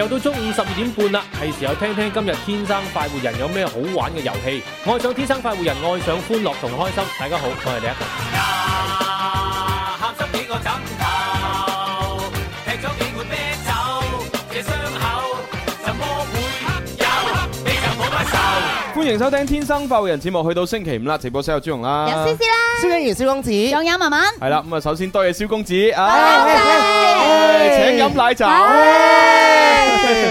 又到中午十二點半啦，係時候聽聽今日天,天生快活人有咩好玩嘅遊戲。愛上天生快活人，愛上歡樂同開心。大家好，我係李一彤。歡迎收聽天生快活人節目，去到星期五啦，直播室有朱紅啦，有思思啦，蕭欣妍蕭公子，有茵慢慢。係啦。咁啊，首先多謝蕭公子，多謝，請飲奶茶，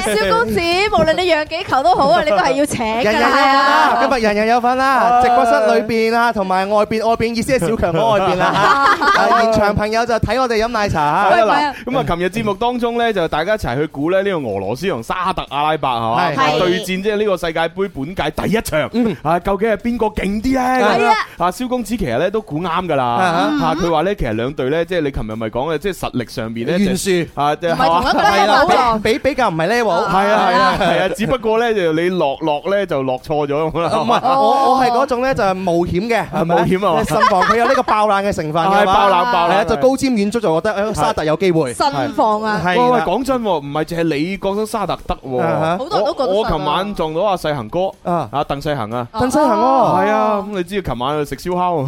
蕭公子，無論你養幾球都好啊，你都係要請噶啦，咁啊，人人有份啦，直播室裏邊啊，同埋外邊，外邊意思係小強響外邊啦，現場朋友就睇我哋飲奶茶吓，咁啊，琴日節目當中咧，就大家一齊去估咧呢個俄羅斯同沙特阿拉伯係嘛，對戰，即係呢個世界杯本屆第一場，啊，究竟係邊個勁啲咧？係啊，啊，蕭公子其實咧都估啱噶啦，吓佢話咧，其實兩隊咧，即係你琴日咪講嘅，即係實力上邊咧，懸殊，啊，唔係比比較唔係 level，係啊係啊係啊，只不過咧就你落落咧就落錯咗啦。唔係，我我係嗰種咧就係冒險嘅，冒險啊，身防佢有呢個爆冷嘅成分嘅嘛，爆冷爆冷，就高瞻遠矚。就覺得沙特有機會，身防啊，係，喂，講真，唔係淨係你講得沙特得，好多都覺得。我琴晚撞到阿世恒哥，啊。鄧世恒啊，鄧世恒，係啊，咁你知啊，琴晚去食燒烤，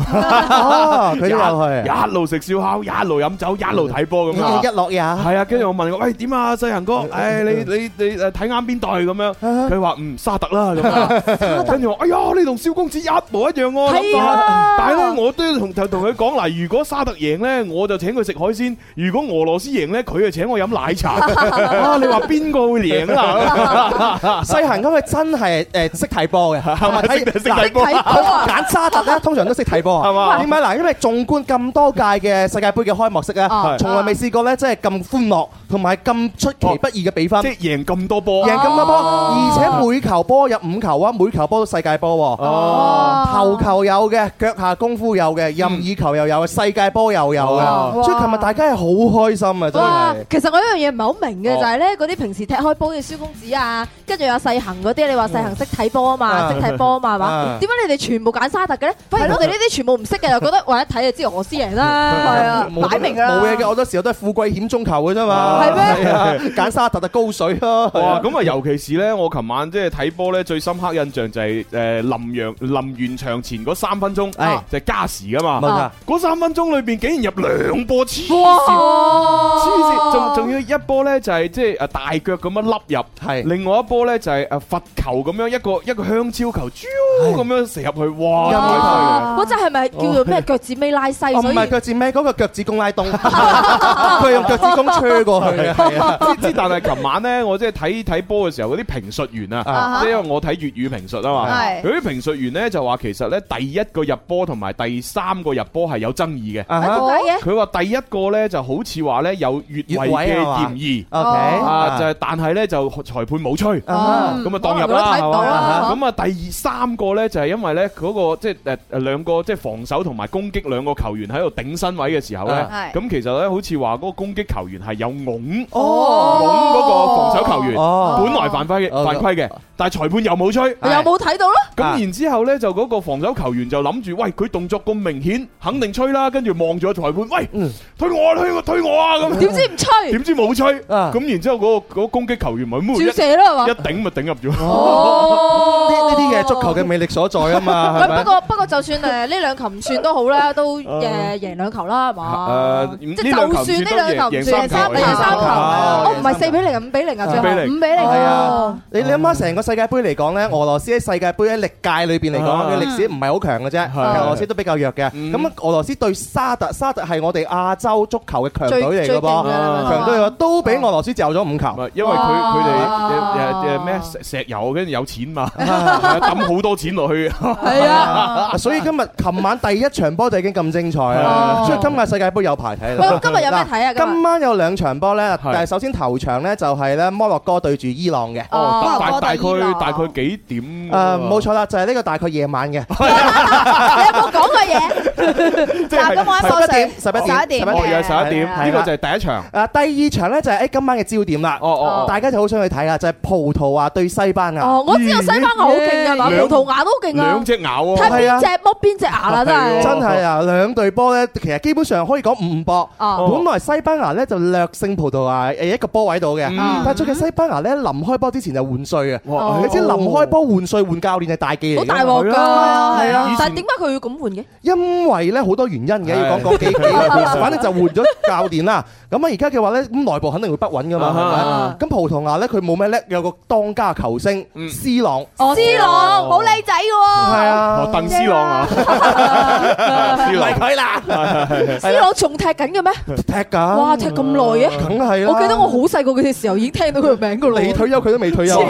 佢又係一路食燒烤，一路飲酒，一路睇波咁啊，一樂也，係啊，跟住我問佢喂點啊，世恒哥，唉，你你你誒睇啱邊隊咁樣，佢話嗯沙特啦咁啊，跟住我哎呀，你同小公子一模一樣哦，大佬我都同就同佢講嗱，如果沙特贏咧，我就請佢食海鮮；如果俄羅斯贏咧，佢就請我飲奶茶。啊，你話邊個會贏啊？世恒今日真係誒識睇波。係咪睇？睇揀沙特咧，通常都識睇波，係嘛？點解？嗱，因為縱觀咁多屆嘅世界盃嘅開幕式咧，從來未試過咧，真係咁歡樂，同埋咁出其不意嘅比分，即係贏咁多波，贏咁多波，而且每球波入五球啊，每球波都世界波喎，頭球有嘅，腳下功夫有嘅，任意球又有嘅，世界波又有嘅，所以琴日大家係好開心啊！真係。其實我一樣嘢唔係好明嘅，就係咧，嗰啲平時踢開波嘅蕭公子啊，跟住有世行嗰啲，你話世行識睇波啊嘛？識睇波啊嘛，係嘛？點解你哋全部揀沙特嘅咧？唔係，我哋呢啲全部唔識嘅，又覺得話一睇就知俄斯贏啦。係啊，擺明啦。冇嘢嘅，好多時候都係富貴險中求嘅啫嘛。係咩？揀沙特啊，高水咯。哇！咁啊，尤其是咧，我琴晚即係睇波咧，最深刻印象就係誒林陽臨完場前嗰三分鐘，就係加時啊嘛。冇錯。嗰三分鐘裏邊竟然入兩波黐線，黐線仲仲要一波咧就係即係誒大腳咁樣笠入，係另外一波咧就係誒罰球咁樣一個一個香。超球啾咁樣射入去，哇！嗰隻係咪叫做咩？腳趾尾拉西？唔係腳趾尾，嗰個腳趾公拉東。佢用腳趾公吹過去啊！知，但係琴晚咧，我即係睇睇波嘅時候，嗰啲評述員啊，即係因為我睇粵語評述啊嘛。佢啲評述員咧就話，其實咧第一個入波同埋第三個入波係有爭議嘅。啊，佢話第一個咧就好似話咧有越位嘅嫌疑啊，就係但係咧就裁判冇吹，咁啊當入啦，咁啊。第三個咧就係因為咧嗰個即係誒兩個即係防守同埋攻擊兩個球員喺度頂身位嘅時候咧，咁其實咧好似話嗰個攻擊球員係有擁，擁嗰個防守球員，本來犯規嘅，犯規嘅，但係裁判又冇吹，又冇睇到咯。咁然之後咧就嗰個防守球員就諗住，喂佢動作咁明顯，肯定吹啦。跟住望住個裁判，喂，推我啦，推我，推我啊！咁點知唔吹？點知冇吹？咁然之後嗰個嗰攻擊球員咪冇，一頂咪頂入咗。呢啲嘢足球嘅魅力所在啊嘛，係咪？不過不過，就算誒呢兩球唔算都好啦，都誒贏兩球啦，係嘛？即就算呢兩球唔算，贏三比三球，哦，唔係四比零啊，五比零啊，最尾五比零啊！你你諗下，成個世界盃嚟講咧，俄羅斯喺世界盃喺歷屆裏邊嚟講嘅歷史唔係好強嘅啫，俄羅斯都比較弱嘅。咁俄羅斯對沙特，沙特係我哋亞洲足球嘅強隊嚟嘅噃，強隊都俾俄羅斯就咗五球，因為佢佢哋咩石石油跟住有錢嘛。抌好 多錢落去，係啊！所以今日琴晚第一場波就已經咁精彩啊！ 對呀 所以今日世界盃有排睇啦。 今日有咩睇啊？今晚有兩場波咧，但係首先頭場咧就係咧摩洛哥對住伊朗嘅。哦大，大概大概幾點？誒、 呃，冇錯啦，就係、是、呢個大概夜晚嘅。 你有冇講過嘢？即係十一點，十一點，十一點，又係十一點。呢個就係第一場。誒，第二場咧就係誒今晚嘅焦點啦。哦哦，大家就好想去睇啊！就係葡萄牙對西班牙。哦，我知道西班牙好勁噶，葡萄牙都好勁啊，兩隻牙喎。睇邊隻剝邊隻牙啦，真係。真係啊，兩隊波咧，其實基本上可以講五五博。本來西班牙咧就略勝葡萄牙誒一個波位度嘅，但最近西班牙咧臨開波之前就換帥啊。你知臨開波換帥換教練係大忌嚟。好大鑊㗎，係啊，但係點解佢要咁換嘅？因因為好多原因嘅，要講講幾句嘅，反正就換咗教練啦。咁啊，而家嘅話咧，咁內部肯定會不穩噶嘛，係咪？咁葡萄牙咧，佢冇咩叻，有個當家球星 C 朗，C 朗好靚仔喎。係啊，鄧 C 朗啊，係啦。C 朗仲踢緊嘅咩？踢㗎。哇，踢咁耐嘅。梗係啦。我記得我好細個嗰陣時候已經聽到佢個名，你退休，佢都未退休，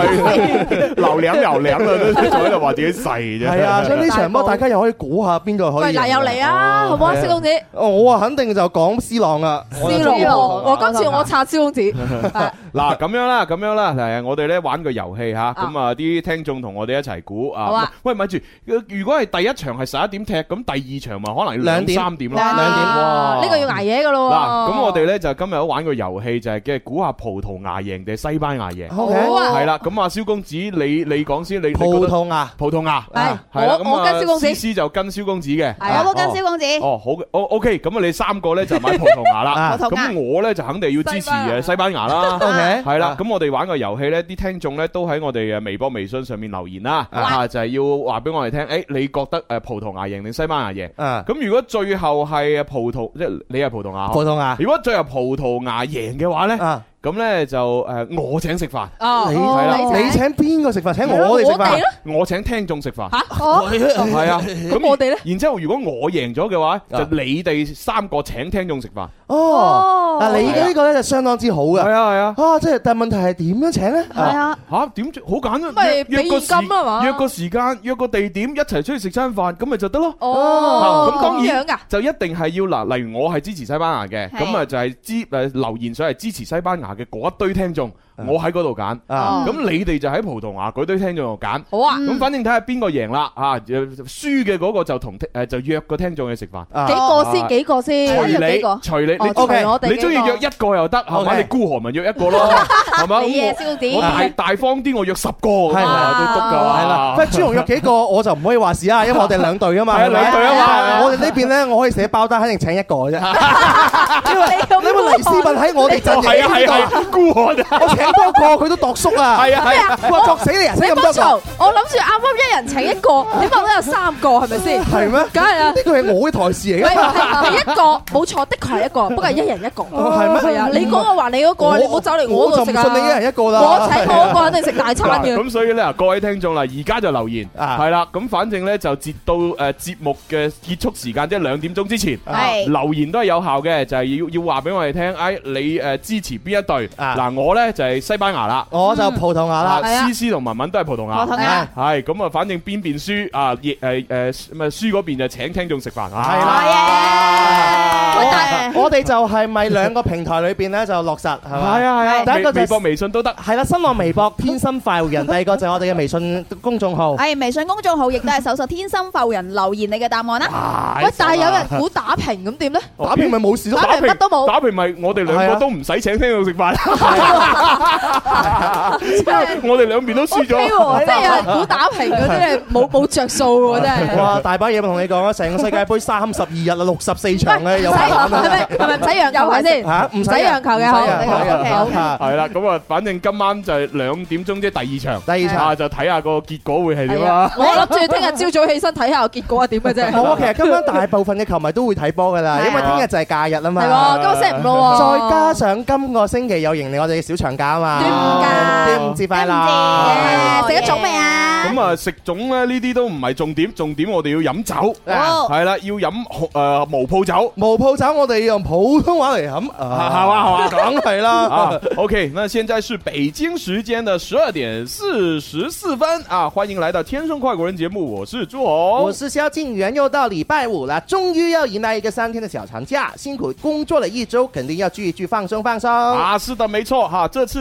流量流量啊，仲喺度話自己細啫。係啊，所以呢場波大家又可以估下邊個可以。係啊，哦、好唔好啊，蕭公子？哦、我啊肯定就講司朗啦，司朗，我今次我查蕭公子。嗱咁樣啦，咁樣啦，誒，我哋咧玩個遊戲吓，咁啊啲聽眾同我哋一齊估啊。喂，咪住，如果係第一場係十一點踢，咁第二場咪可能兩點、三點咯。哇，呢個要捱夜噶咯。嗱咁我哋咧就今日都玩個遊戲，就係嘅估下葡萄牙贏定西班牙贏？好啊係啦，咁啊，蕭公子，你你講先，你葡萄牙，葡萄牙，係我我跟蕭公子嘅，我跟蕭公子。哦，好嘅，OK，咁啊，你三個咧就買葡萄牙啦。咁我咧就肯定要支持嘅西班牙啦。係啦，咁我哋玩個遊戲呢，啲聽眾呢都喺我哋誒微博、微信上面留言啦吓，啊、就係要話俾我哋聽，誒、欸，你覺得誒葡萄牙贏定西班牙贏？啊，咁如果最後係葡，葡萄牙，即係你係葡萄牙，葡萄牙，如果最後葡萄牙贏嘅話呢。啊咁咧就誒，我請食飯。哦，你睇啦，你請邊個食飯？請我哋食飯。我哋咯。我請聽眾食飯。嚇，我係啊。咁我哋咧。然之後，如果我贏咗嘅話，就你哋三個請聽眾食飯。哦。嗱，你呢個咧就相當之好嘅。係啊，係啊。啊，即係，但係問題係點樣請咧？係啊。嚇，點好簡單？咪俾個金係嘛？約個時間，約個地點，一齊出去食餐飯，咁咪就得咯。哦。咁當然就一定係要嗱，例如我係支持西班牙嘅，咁啊就係支誒留言上嚟支持西班牙。嘅嗰一堆聽眾。我喺嗰度揀，咁你哋就喺葡萄牙嗰堆聽眾度揀，好啊！咁反正睇下邊個贏啦，啊，輸嘅嗰個就同誒就約個聽眾去食飯。幾個先？幾個先？除你，除你，你 OK？你中意約一個又得，係嘛？你孤寒咪約一個咯，係嘛？你嘢少啲，我大大方啲，我約十個，都得㗎，係啦。朱紅約幾個，我就唔可以話事啊，因為我哋兩隊啊嘛，係兩隊啊嘛。我哋呢邊咧，我可以寫包單，肯定請一個啫。因為你個黎思敏喺我哋陣營孤寒，多個佢都度縮啊！係啊係啊，我度死你人請咁多個，我諗住啱啱一人請一個，點解有三個係咪先？係咩？梗係啊，呢個係我嘅台詞嚟嘅。唔係係一個，冇錯，的確係一個，不過係一人一個。係咩？係啊，你嗰個話你嗰個，你唔好走嚟我度食啦。我就信你一人一個啦。我請我個肯定食大餐嘅。咁所以咧，各位聽眾啦，而家就留言係啦。咁反正咧，就截到誒節目嘅結束時間，即係兩點鐘之前，留言都係有效嘅。就係要要話俾我哋聽，哎，你誒支持邊一隊？嗱，我咧就係。西班牙啦，我就葡萄牙啦。詩詩同文文都係葡萄牙。葡萄牙？係咁啊，反正邊邊輸啊，誒誒，唔輸嗰邊就請聽眾食飯啦。係啦。啊，我哋就係咪兩個平台裏邊咧就落實係嘛？係啊係。第一個微博微信都得。係啦，新浪微博天生快活人。第二個就我哋嘅微信公眾號。係微信公眾號亦都係搜索天生快活人，留言你嘅答案啦。喂，但係有人估打平咁點咧？打平咪冇事咯。打平乜都冇。打平咪我哋兩個都唔使請聽眾食飯。我哋兩邊都輸咗，真係好打平嗰啲，冇冇着數喎真係。哇！大把嘢同你講啊，成個世界盃三十二日啦，六十四場咧，又係，係咪係咪唔使讓球係咪先？嚇唔使讓球嘅好，係啦。咁啊，反正今晚就兩點鐘即係第二場，第二場就睇下個結果會係點啦。我諗住聽日朝早起身睇下個結果係點嘅啫。好，其實今晚大部分嘅球迷都會睇波㗎啦，因為聽日就係假日啊嘛。係喎，都星期五咯喎。再加上今個星期有迎嚟我哋嘅小長假。啊嘛，端午節快樂！食咗粽未啊？咁啊食粽咧呢啲都唔係重點，重點我哋要飲酒，係啦好，要飲誒毛鋪酒。毛鋪酒我哋要用普通話嚟飲，係嘛係嘛？梗係啦、 啊、，OK。那現在是北京時間的十二點四十四分啊！歡迎來到《天生快活人》節目，我是朱紅，我是蕭敬遠，又到禮拜五啦，終於要迎來一個三天的小長假，辛苦工作了一周，肯定要聚一聚，放鬆放鬆啊！是的，沒錯，哈，這次。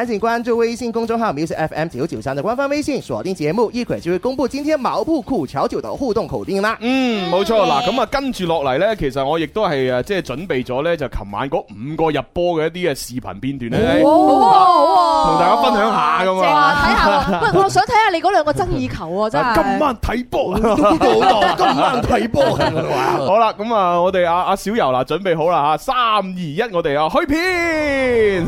趕緊關注微信公眾號 music FM 九九三的官方微信，鎖定節目，一會就會公布今天毛布庫喬九的互動口令啦。嗯，冇錯啦，咁啊跟住落嚟咧，其實我亦都係誒，即係準備咗咧，就琴晚嗰五個入波嘅一啲嘅視頻片段咧，好，同大家分享下咁啊。睇下，我我想睇下你嗰兩個爭議球啊，真係。今晚睇波，今晚睇波。好啦，咁啊，我哋阿阿小游啦，準備好啦吓，三二一，我哋啊去片。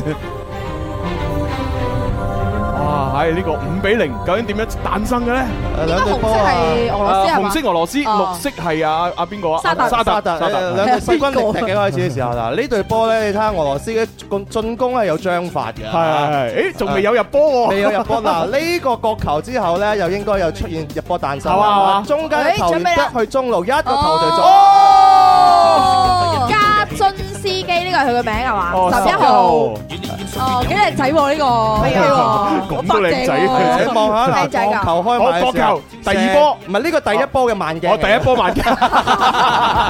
啊，係呢個五比零，究竟點樣誕生嘅咧？應該紅色係俄羅斯係嘛？紅色俄羅斯，綠色係阿阿邊個啊？沙特，沙特，沙特。兩隊新軍力踢嘅開始嘅時候啦，呢隊波咧，你睇下俄羅斯嘅攻進攻係有章法嘅。係係，誒，仲未有入波喎？未有入波。嗱，呢個角球之後咧，又應該又出現入波誕生。啊，嘛？中間嘅球員得去中路一個球就中。新司機呢個係佢個名係嘛？十一號哦，幾靚仔喎呢個，係喎，好靚仔，睇望下啦，球開埋，第二波唔係呢個第一波嘅慢鏡，我第一波慢鏡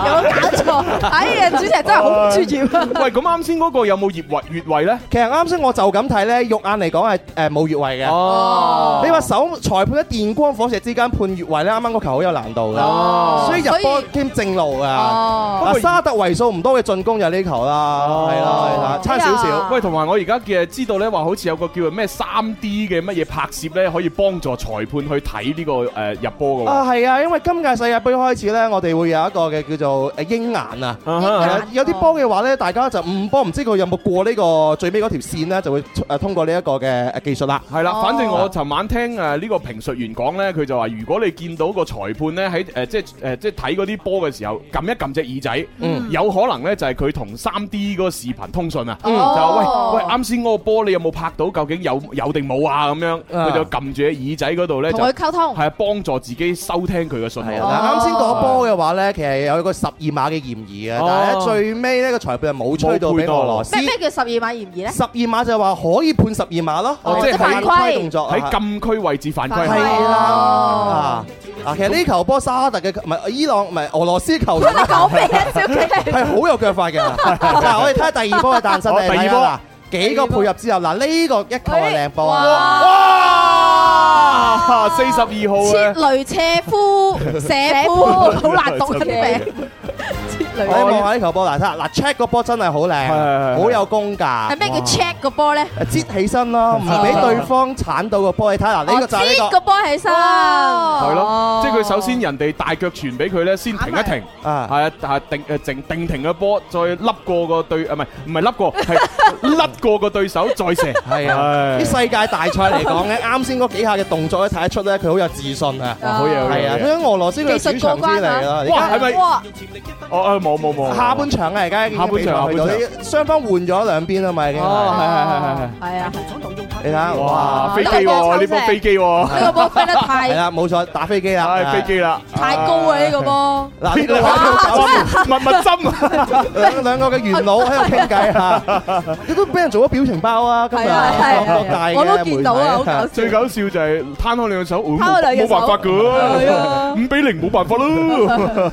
有冇搞錯？哎呀，主持人真係好專業啊！喂，咁啱先嗰個有冇越位越位咧？其實啱先我就咁睇咧，肉眼嚟講係誒冇越位嘅。哦，你話手裁判喺電光火石之間判越位咧，啱啱個球好有難度㗎，所以入波兼正路㗎。哦，沙特為數唔多嘅。進攻有呢球啦，係啦、啊，差少少。喂、哎呀，同埋我而家嘅知道咧，話好似有個叫做咩三 D 嘅乜嘢拍攝咧，可以幫助裁判去睇呢、這個誒、呃、入波嘅。啊，係啊，因為今屆世界杯開始咧，我哋會有一個嘅叫做誒鷹眼啊。的有啲波嘅話咧，大家就唔波，唔知佢有冇過呢個最尾嗰條線咧，就會誒通過呢一個嘅技術啦。係啦、啊，反正我尋晚聽誒呢個評述員講咧，佢就話如果你見到個裁判咧喺誒即係誒即係睇嗰啲波嘅時候，撳一撳隻耳仔，嗯、有可能咧。就係佢同三 D 嗰個視頻通訊啊，就話喂喂，啱先嗰個波你有冇拍到？究竟有有定冇啊？咁樣佢就撳住喺耳仔嗰度咧，同佢溝通，係啊，幫助自己收聽佢嘅信號。啱先嗰波嘅話咧，其實有一個十二碼嘅嫌疑啊。但係咧最尾呢個裁判又冇吹到俾俄羅斯。咩咩叫十二碼嫌疑咧？十二碼就話可以判十二碼咯，即係犯規動作喺禁區位置犯規係咯。嗱，其實呢球波沙特嘅，唔係伊朗，唔係俄羅斯球九比員，係好有腳法嘅。嗱，我哋睇下第二波嘅誕生，第二波幾個配合之後，嗱呢個一球係靚波啊！哇，四十二號切雷舍夫射夫，好難讀嘅。你望下呢球波娜莎，嗱 check 個波真係好靚，好有功㗎。係咩叫 check 個波咧？截起身咯，唔俾對方鏟到個波。你睇下呢個就係個波起身，係咯，即係佢首先人哋大腳傳俾佢咧，先停一停，係啊，定定停嘅波，再笠過個對，唔係唔係笠過，係笠過個對手再射。係啊，啲世界大賽嚟講咧，啱先嗰幾下嘅動作咧睇得出咧，佢好有自信啊，係啊，佢喺俄羅斯嘅主場嚟咯。哇，係咪？哦哦。冇冇冇，下半場啊而家，下半場，下半場，雙方換咗兩邊啊嘛，哦，係係係係係，係啊，紅廠同中泰，你睇下，哇，飛機喎，呢波飛機喎，呢個波飛得太，係啊，冇錯，打飛機啦，飛機啦，太高啊呢個波，嗱，密密針，兩兩個嘅元老喺度傾偈啊，佢都俾人做咗表情包啊，今日中國大嘅，我都見到啊，最搞笑就係攤開兩隻手，冇辦法噶，五比零冇辦法咯，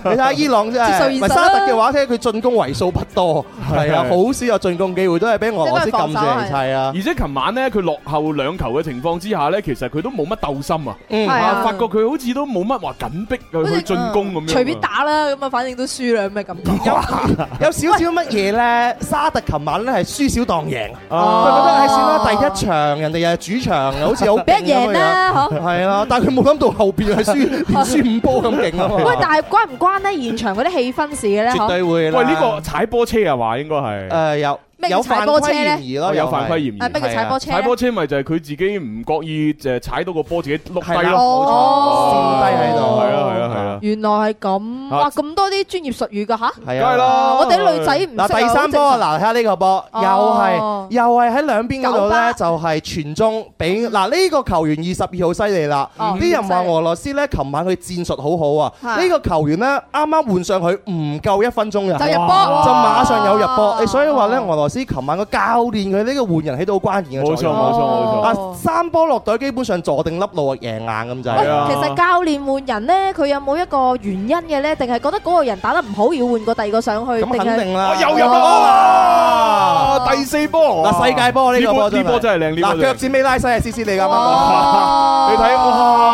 你睇下伊朗真係，唔係三十，嘅話咧，佢進攻為數不多，係啊，好少有進攻機會，都係俾俄羅斯撳住嚟曬。而且琴晚咧，佢落後兩球嘅情況之下咧，其實佢都冇乜鬥心啊。嗯，發覺佢好似都冇乜話緊逼去進攻咁樣。隨便打啦，咁啊，反正都輸啦，咁啊，有少少乜嘢咧？沙特琴晚咧係輸少當贏。佢覺得係算啦，第一場人哋又係主場，好似好俾贏啦，嗬。係啦，但係佢冇諗到後邊係輸輸五波咁勁。喂，但係關唔關呢現場嗰啲氣氛事咧？絕對會啦！喂，呢、這個踩波車係嘛，應該係誒有。有犯規嫌疑咯，有犯規嫌疑。踩波車，踩波車咪就係佢自己唔覺意，就踩到個波自己碌低咯。哦，跌低喺度，係啊，係啊，原來係咁。哇，咁多啲專業術語噶吓？係啊，係咯，我哋女仔唔識。嗱第三波，啊，嗱睇下呢個波，又係又係喺兩邊嗰度咧，就係傳中俾嗱呢個球員二十二號，犀利啦。啲人話俄羅斯咧，琴晚佢戰術好好啊。呢個球員咧，啱啱換上去，唔夠一分鐘嘅，就入波，就馬上有入波。所以話咧，俄羅。可惜琴晚個教練佢呢個換人起到好關鍵嘅作用。冇錯冇錯冇錯。啊，三波落隊，基本上坐定粒路，贏硬咁就係啦。其實教練換人咧，佢有冇一個原因嘅咧？定係覺得嗰個人打得唔好，要換個第二個上去？咁肯定啦。又入啦！第四波嗱，世界波呢個波真係靚。嗱，腳尖尾拉西係 C C 嚟㗎。哇！你睇哇，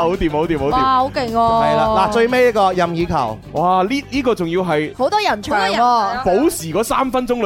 好掂好掂好掂。哇！好勁喎。係啦，嗱，最尾一個任意球。哇！呢呢個仲要係好多人搶喎。補時嗰三分鐘。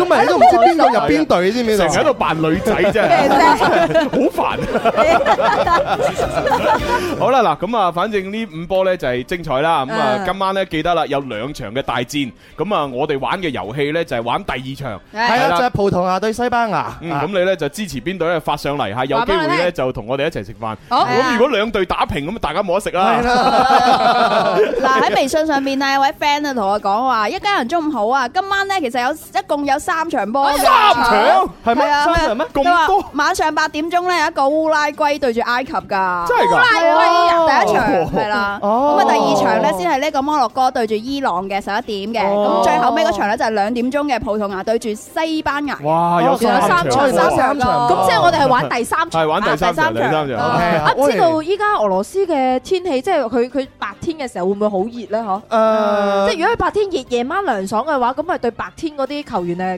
咁咪都唔知邊個入邊隊嘅先，成日喺度扮女仔啫，好煩。好啦，嗱，咁啊，反正呢五波咧就係精彩啦。咁啊，今晚咧記得啦，有兩場嘅大戰。咁啊，我哋玩嘅遊戲咧就係玩第二場，係啊，就係葡萄牙對西班牙。咁你咧就支持邊隊咧？發上嚟吓，有機會咧就同我哋一齊食飯。咁如果兩隊打平，咁大家冇得食啦！嗱，喺微信上面啊，有位 friend 啊同我講話，一家人中午好啊，今晚咧其實有一共有三。三場波，三場係咪三場咩？咁多晚上八點鐘咧，有一個烏拉圭對住埃及噶，烏拉圭第一場係啦。咁啊，第二場咧先係呢個摩洛哥對住伊朗嘅，十一點嘅。咁最後尾嗰場咧就係兩點鐘嘅葡萄牙對住西班牙。哇，有三場三場，咁即係我哋係玩第三場，玩第三場。啊，知道依家俄羅斯嘅天氣，即係佢佢白天嘅時候會唔會好熱咧？嗬，欸，即係如果佢白天熱，夜晚涼爽嘅話，咁咪對白天嗰啲球員咧？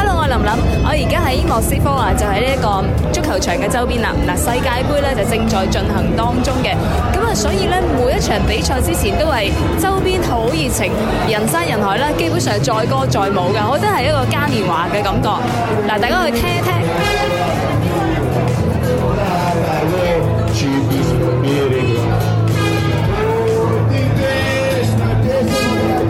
hello，我琳琳，我而家喺莫斯科啊，就喺呢一個足球場嘅周邊啦。嗱，世界盃咧就正在進行當中嘅，咁啊,所以咧每一場比賽之前都係周邊好熱情，人山人海啦，基本上載歌載舞嘅，我真係一個嘉年華嘅感覺。嗱，大家去聽聽。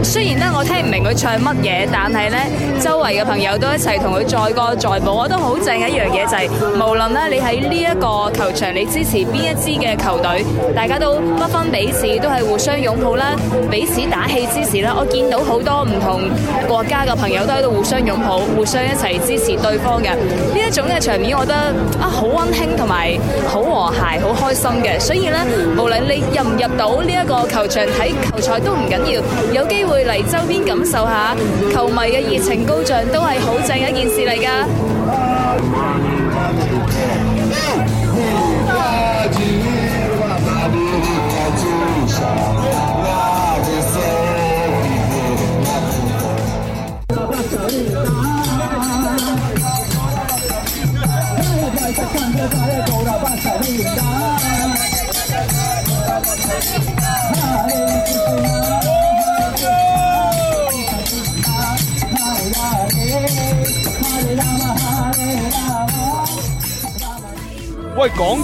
雖然咧我聽唔明佢唱乜嘢，但係咧周圍嘅朋友都一齊同佢載歌載舞，我都好正。一樣嘢就係無論咧你喺呢一個球場，你支持邊一支嘅球隊，大家都不分彼此，都係互相擁抱啦，彼此打氣支持啦。我見到好多唔同國家嘅朋友都喺度互相擁抱，互相一齊支持對方嘅呢一種嘅場面，我覺得啊好溫馨同埋好和諧、好開心嘅。所以咧，無論你入唔入到呢一個球場睇球賽都唔緊要，有機會。會嚟周邊感受下球迷嘅熱情高漲，都係好正一件事嚟噶。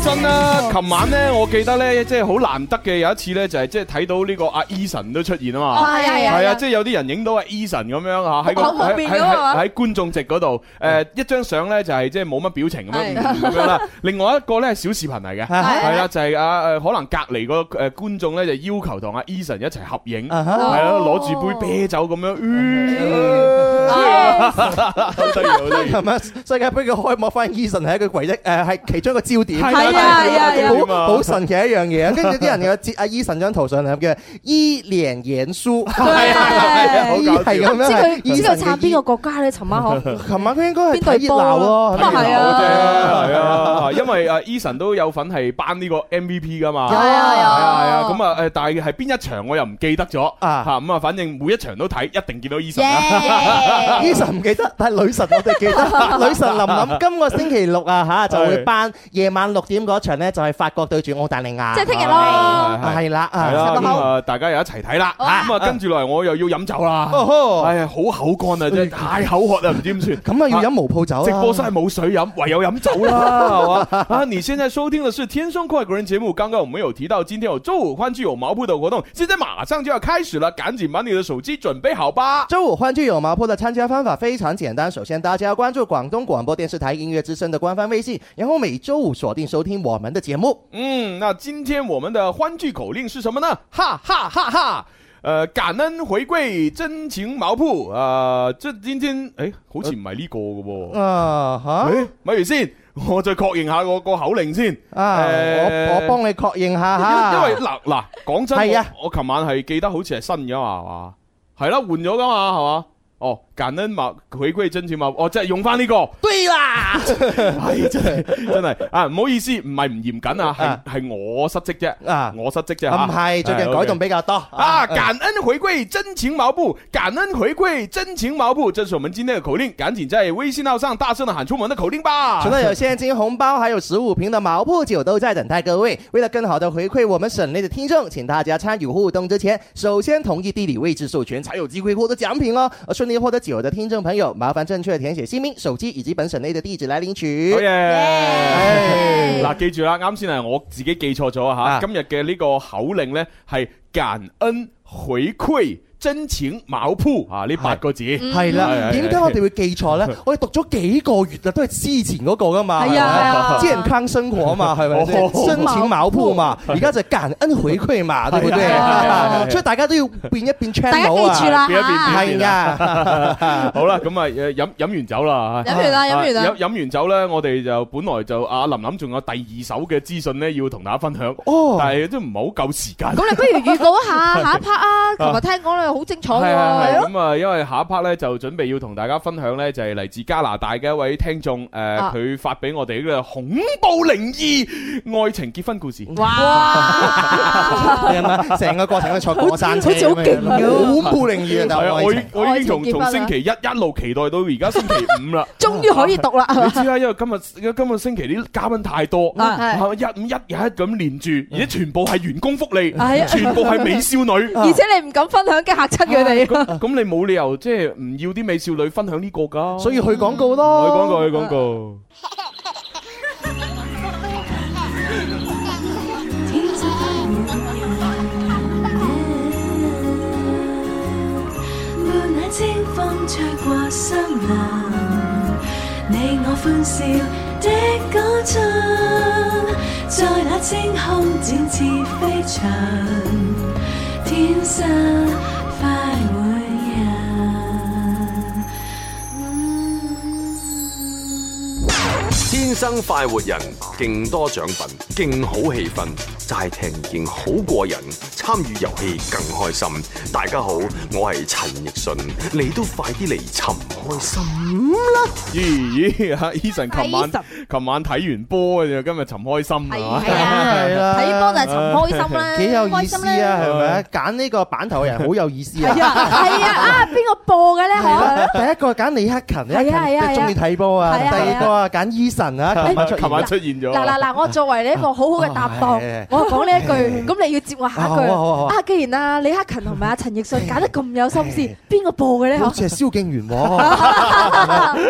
真啦！琴晚咧，我記得咧，即係好難得嘅，有一次咧，就係即係睇到呢個阿 Eason 都出現啊嘛，係啊，係啊，即係有啲人影到阿 Eason 咁樣啊，喺個喺喺觀眾席嗰度，誒，一張相咧就係即係冇乜表情咁樣啦。另外一個咧係小視頻嚟嘅，係啦，就係啊。誒，可能隔籬個誒觀眾咧就要求同阿 Eason 一齊合影，係咯，攞住杯啤酒咁樣，世界杯嘅開幕，發現 Eason 係一個唯一誒係其中一個焦點。係啊，好好神奇一樣嘢，跟住啲人嘅截阿 Eason 張圖上嚟，叫一臉嚴肅，係係係，好係咁樣。之後知道撐邊個國家咧，琴晚好，琴晚佢應該係邊隊波咯，咁啊係啊，係啊，因為阿 Eason 都有份係頒呢個 MVP 噶嘛，係啊係啊，咁啊誒，但係係邊一場我又唔記得咗啊吓，咁啊，反正每一場都睇，一定見到 Eason Eason 唔記得，但係女神我哋記得，女神琳琳，今個星期六啊吓，就會頒夜晚六點。點嗰場呢就係法國對住澳大利亞，即係聽日咯，係啦，係啦，咁啊大家又一齊睇啦，咁啊跟住落嚟，我又要飲酒啦，哎呀好口乾啊，真係太口渴啦，唔知點算，咁啊要飲毛鋪酒，直播室係冇水飲，唯有飲酒啦，係嘛。啊，你現在收聽的是《天生快活人》節目，剛剛我們有提到，今天有周五歡聚有毛鋪的活動，現在馬上就要開始了，趕緊把你的手機準備好吧。周五歡聚有毛鋪的參加方法非常簡單，首先大家要關注廣東廣播電視台音樂之聲的官方微信，然後每周五鎖定收。聽我們的節目，嗯，那今天我們的歡聚口令是什麼呢？哈哈哈哈，呃，感恩回歸真情毛鋪，啊、呃，即係天天，誒，好似唔係呢個嘅，啊，吓，誒，咪住先，我再確認下我個口令先，啊，呃、我我幫你確認下吓，因為嗱嗱，講真，係啊， 我琴晚係記得好似係新嘅嘛，係嘛，係啦，換咗噶嘛，係嘛。哦，感恩毛回饋真情毛，我、哦、即係用翻呢、這個。對啦，係真係真係啊！唔好意思，唔係唔嚴謹啊，係係、啊、我失職啫啊，我失職啫唔係最近改動比較多啊！感 okay、啊、恩回饋真情毛布，感恩回饋真情毛布，這是我們今天的口令，趕緊在微信號上大聲的喊出門的口令吧！除了有現金紅包，還有十五瓶的毛鋪酒都在等待各位。為了更好的回饋我們省內的聽眾，請大家參與互動之前，首先同意地理位置授權，才有機會獲得獎品哦。你獲得機會的聽眾朋友，麻煩正確填寫姓名、手機以及本省內的地址來領取。好嗱，記住啦，啱先係我自己記錯咗啊！今日嘅呢個口令呢，係感恩回饋。真情貌鋪啊！呢八個字係啦，點解我哋會記錯咧？我哋讀咗幾個月啊，都係之前嗰個噶嘛。係啊，知人坑生活啊嘛，係咪先？真情貌鋪嘛，而家就感恩回饋嘛，對唔對？所以大家都要變一變 channel 一啊，係啊。好啦，咁啊，飲飲完酒啦，飲完啦，飲完啦。飲完酒咧，我哋就本來就阿琳琳仲有第二首嘅資訊咧，要同大家分享。哦，但係都唔係好夠時間。咁你不如預告一下下一 part 啊？琴日聽講好精彩係啊係咁啊，因為下一 part 咧，就準備要同大家分享咧，就係嚟自加拿大嘅一位聽眾誒，佢發俾我哋呢個恐怖靈異愛情結婚故事。哇！係咪？成個過程都坐過山車，好似好勁，好恐怖靈異啊！我我已經從從星期一一路期待到而家星期五啦，終於可以讀啦！你知啦，因為今日今日星期啲嘉賓太多，一五一日咁連住，而且全部係員工福利，全部係美少女，而且你唔敢分享嚇親佢哋，咁、啊、你冇理由即係唔要啲美少女分享呢個噶、啊，所以去廣告咯、嗯，去廣告，去廣告。天生快活人，伴那清風吹過山林，你我歡笑的歌唱。在那清空展翅飛翔天上生快活人，勁多獎品，勁好氣氛。就齋聽見好過人，參與遊戲更開心。大家好，我係陳奕迅，你都快啲嚟尋開心啦！咦咦，Eason 琴晚琴晚睇完波嘅啫，今日尋開心。係啊，係啦，睇波就係尋開心啦，幾有意思啊，係咪啊？揀呢個板頭嘅人好有意思啊！係啊，係啊，啊邊個播嘅咧？第一個揀李克勤，啊，李克勤啊，鍾意睇波啊！第二個啊，揀 Eason 啊，琴晚出現咗。嗱嗱嗱，我作為你一個好好嘅搭檔。我講呢一句，咁你要接我下一句。啊，既然啊李克勤同埋啊陳奕迅搞得咁有心思，邊個播嘅咧？好似係蕭敬源喎。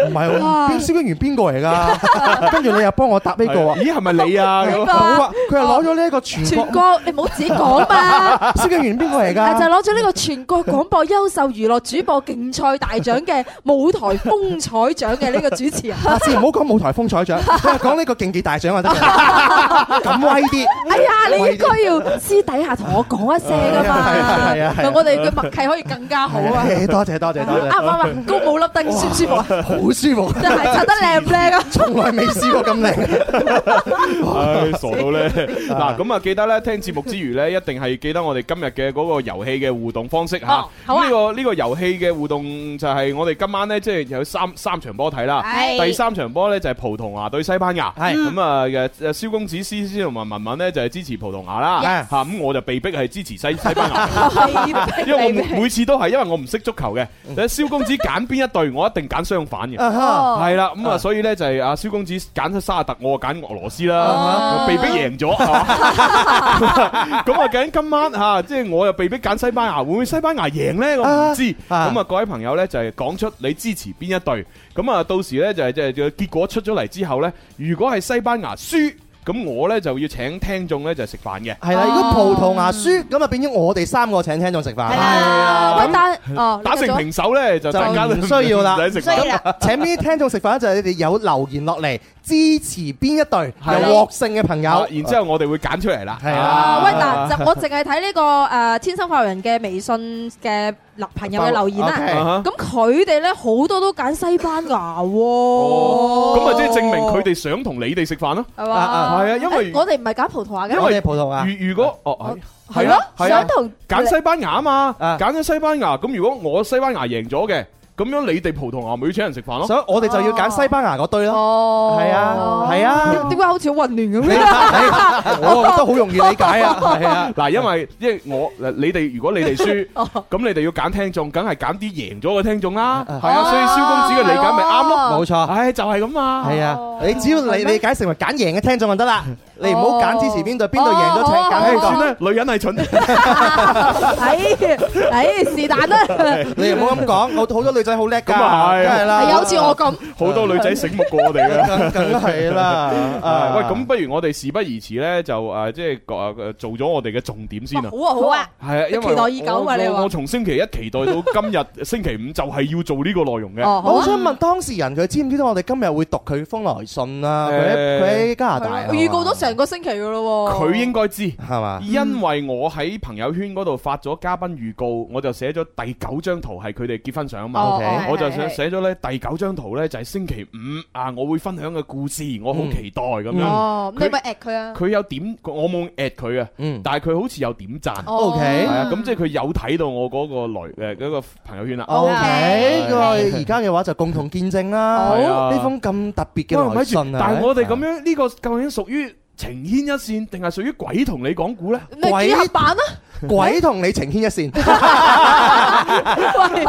唔係，邊蕭敬源邊個嚟㗎？跟住你又幫我答呢個啊？咦，係咪你啊？好話，佢又攞咗呢一個全國，你唔好自己講嘛。蕭敬源邊個嚟㗎？就係攞咗呢個全國廣播優秀娛樂主播競賽大獎嘅舞台風采獎嘅呢個主持人。阿唔好講舞台風采獎，你係講呢個競技大獎就得。咁威啲。係啊。啊！你應該要私底下同我講一聲噶嘛， 我哋嘅默契可以更加好啊！ 多謝多謝多啊唔唔，高冇粒燈舒唔舒服啊？好 舒服。真係襯得靚唔靚啊？ 從來未，未試過咁靚，啊。唉、 哎，傻到咧！嗱、啊，咁啊，記得咧聽節目之餘咧，一定係記得我哋今日嘅嗰個遊戲嘅互動方式嚇、哦。好呢、啊這個呢、這個遊戲嘅互動就係我哋今晚咧，即、就、係、是、有三三場波睇啦。係是。第三場波咧就係、是、葡萄牙對西班牙。係是。咁啊嘅嘅蕭公子詩詩同埋文文咧就係、是支持葡萄牙啦，吓咁我就被逼係支持西西班牙，因為我每次都係，因為我唔識足球嘅。咁蕭公子揀邊一隊，我一定揀相反嘅，係啦。咁啊，所以呢就係阿蕭公子揀咗沙特，我啊揀俄羅斯啦，被逼贏咗。咁啊，究竟今晚吓，即係我又被逼揀西班牙，會唔會西班牙贏呢？我唔知。咁啊，各位朋友呢，就係講出你支持邊一隊。咁啊，到時呢，就係即係結果出咗嚟之後呢，如果係西班牙輸。咁我咧就要請聽眾咧就係、是、食飯嘅。係啦，如果葡萄牙輸，咁啊、嗯、變咗我哋三個請聽眾食飯。係啊的，咁的、哦、打成平手咧就陣間唔需要啦，唔使食啦。 請邊啲聽眾食飯咧？就係、是、你哋有留言落嚟。支持邊一隊？係獲勝嘅朋友，然之後我哋會揀出嚟啦。係啊，喂，嗱，我淨係睇呢個誒天生快活人嘅微信嘅嗱朋友嘅留言啦。咁佢哋咧好多都揀西班牙喎。咁啊，即係證明佢哋想同你哋食飯咯。係嘛？係啊，因為我哋唔係揀葡萄牙嘅，因為葡萄牙。如如果哦係係咯，想同揀西班牙啊嘛，揀咗西班牙。咁如果我西班牙贏咗嘅？咁樣你哋葡萄牙咪要請人食飯咯，所以我哋就要揀西班牙嗰隊咯。哦，係啊，係啊，點解好似好混亂咁樣，啊啊？我覺得好容易理解啊，係啊。嗱， 因為因為我你哋如果你哋輸，咁 你哋要揀聽眾，梗係揀啲贏咗嘅聽眾啦。係啊，啊，所以蕭公子嘅理解咪啱咯，冇錯、啊。唉、啊哎，就係、是、咁啊。係啊，你只要你理，嗎理解成為揀贏嘅聽眾就得啦。你唔好揀支持邊度，邊度贏咗就揀呢個。女人係蠢，係係是但啦。你唔好咁講，好多女仔好叻㗎。咁啊係，係好似我咁。好多女仔醒目過我哋啦，梗係啦。喂，咁不如我哋事不宜遲咧，就誒即係做咗我哋嘅重點先啊。好啊，好啊。係啊，因為我我從星期一期待到今日星期五，就係要做呢個內容嘅。我想問當事人，佢知唔知道我哋今日會讀佢封來信啦？佢喺佢喺加拿大。我成個星期噶咯，佢應該知係嘛？因為我喺朋友圈嗰度發咗嘉賓預告，我就寫咗第九張圖係佢哋結婚相啊嘛。我就想寫咗咧第九張圖咧就係星期五啊，我會分享嘅故事，我好期待咁樣。你咪 at 佢啊？佢有點我冇 at 佢啊，但係佢好似有點讚。OK，咁即係佢有睇到我嗰個來誒個朋友圈啦。OK，咁啊，而家嘅話就共同見證啦。呢封咁特別嘅來信，但係我哋咁樣呢個究竟屬於？呈牽一線定係屬於鬼同你講故咧？鬼版啊！鬼 鬼同你情牽一線，鬼哦，鬼同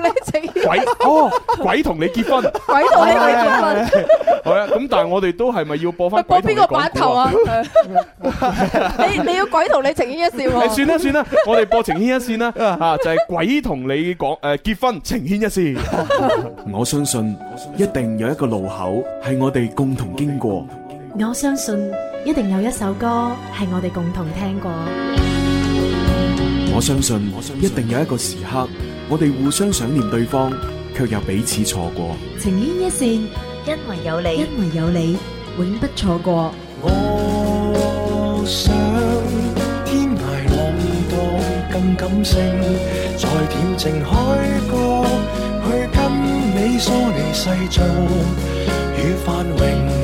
你情牽，鬼哦，鬼同你結婚，鬼同你結婚，係啊，咁但係我哋都係咪要播翻？播邊個版頭啊？你你要鬼同你情牽一線喎？係算啦算啦，我哋播情牽一線啦，吓就係鬼同你講誒結婚情牽一線，我相信一定有一個路口係我哋共同經過。我相信一定有一首歌係我哋共同聽過。我相信一定有一個時刻，我哋互相想念對方，卻又彼此錯過。情牽一線，因為有你，因為有你，永不錯過。我想天涯浪蕩更感性，在調睛海角去跟你梳離世俗與繁榮。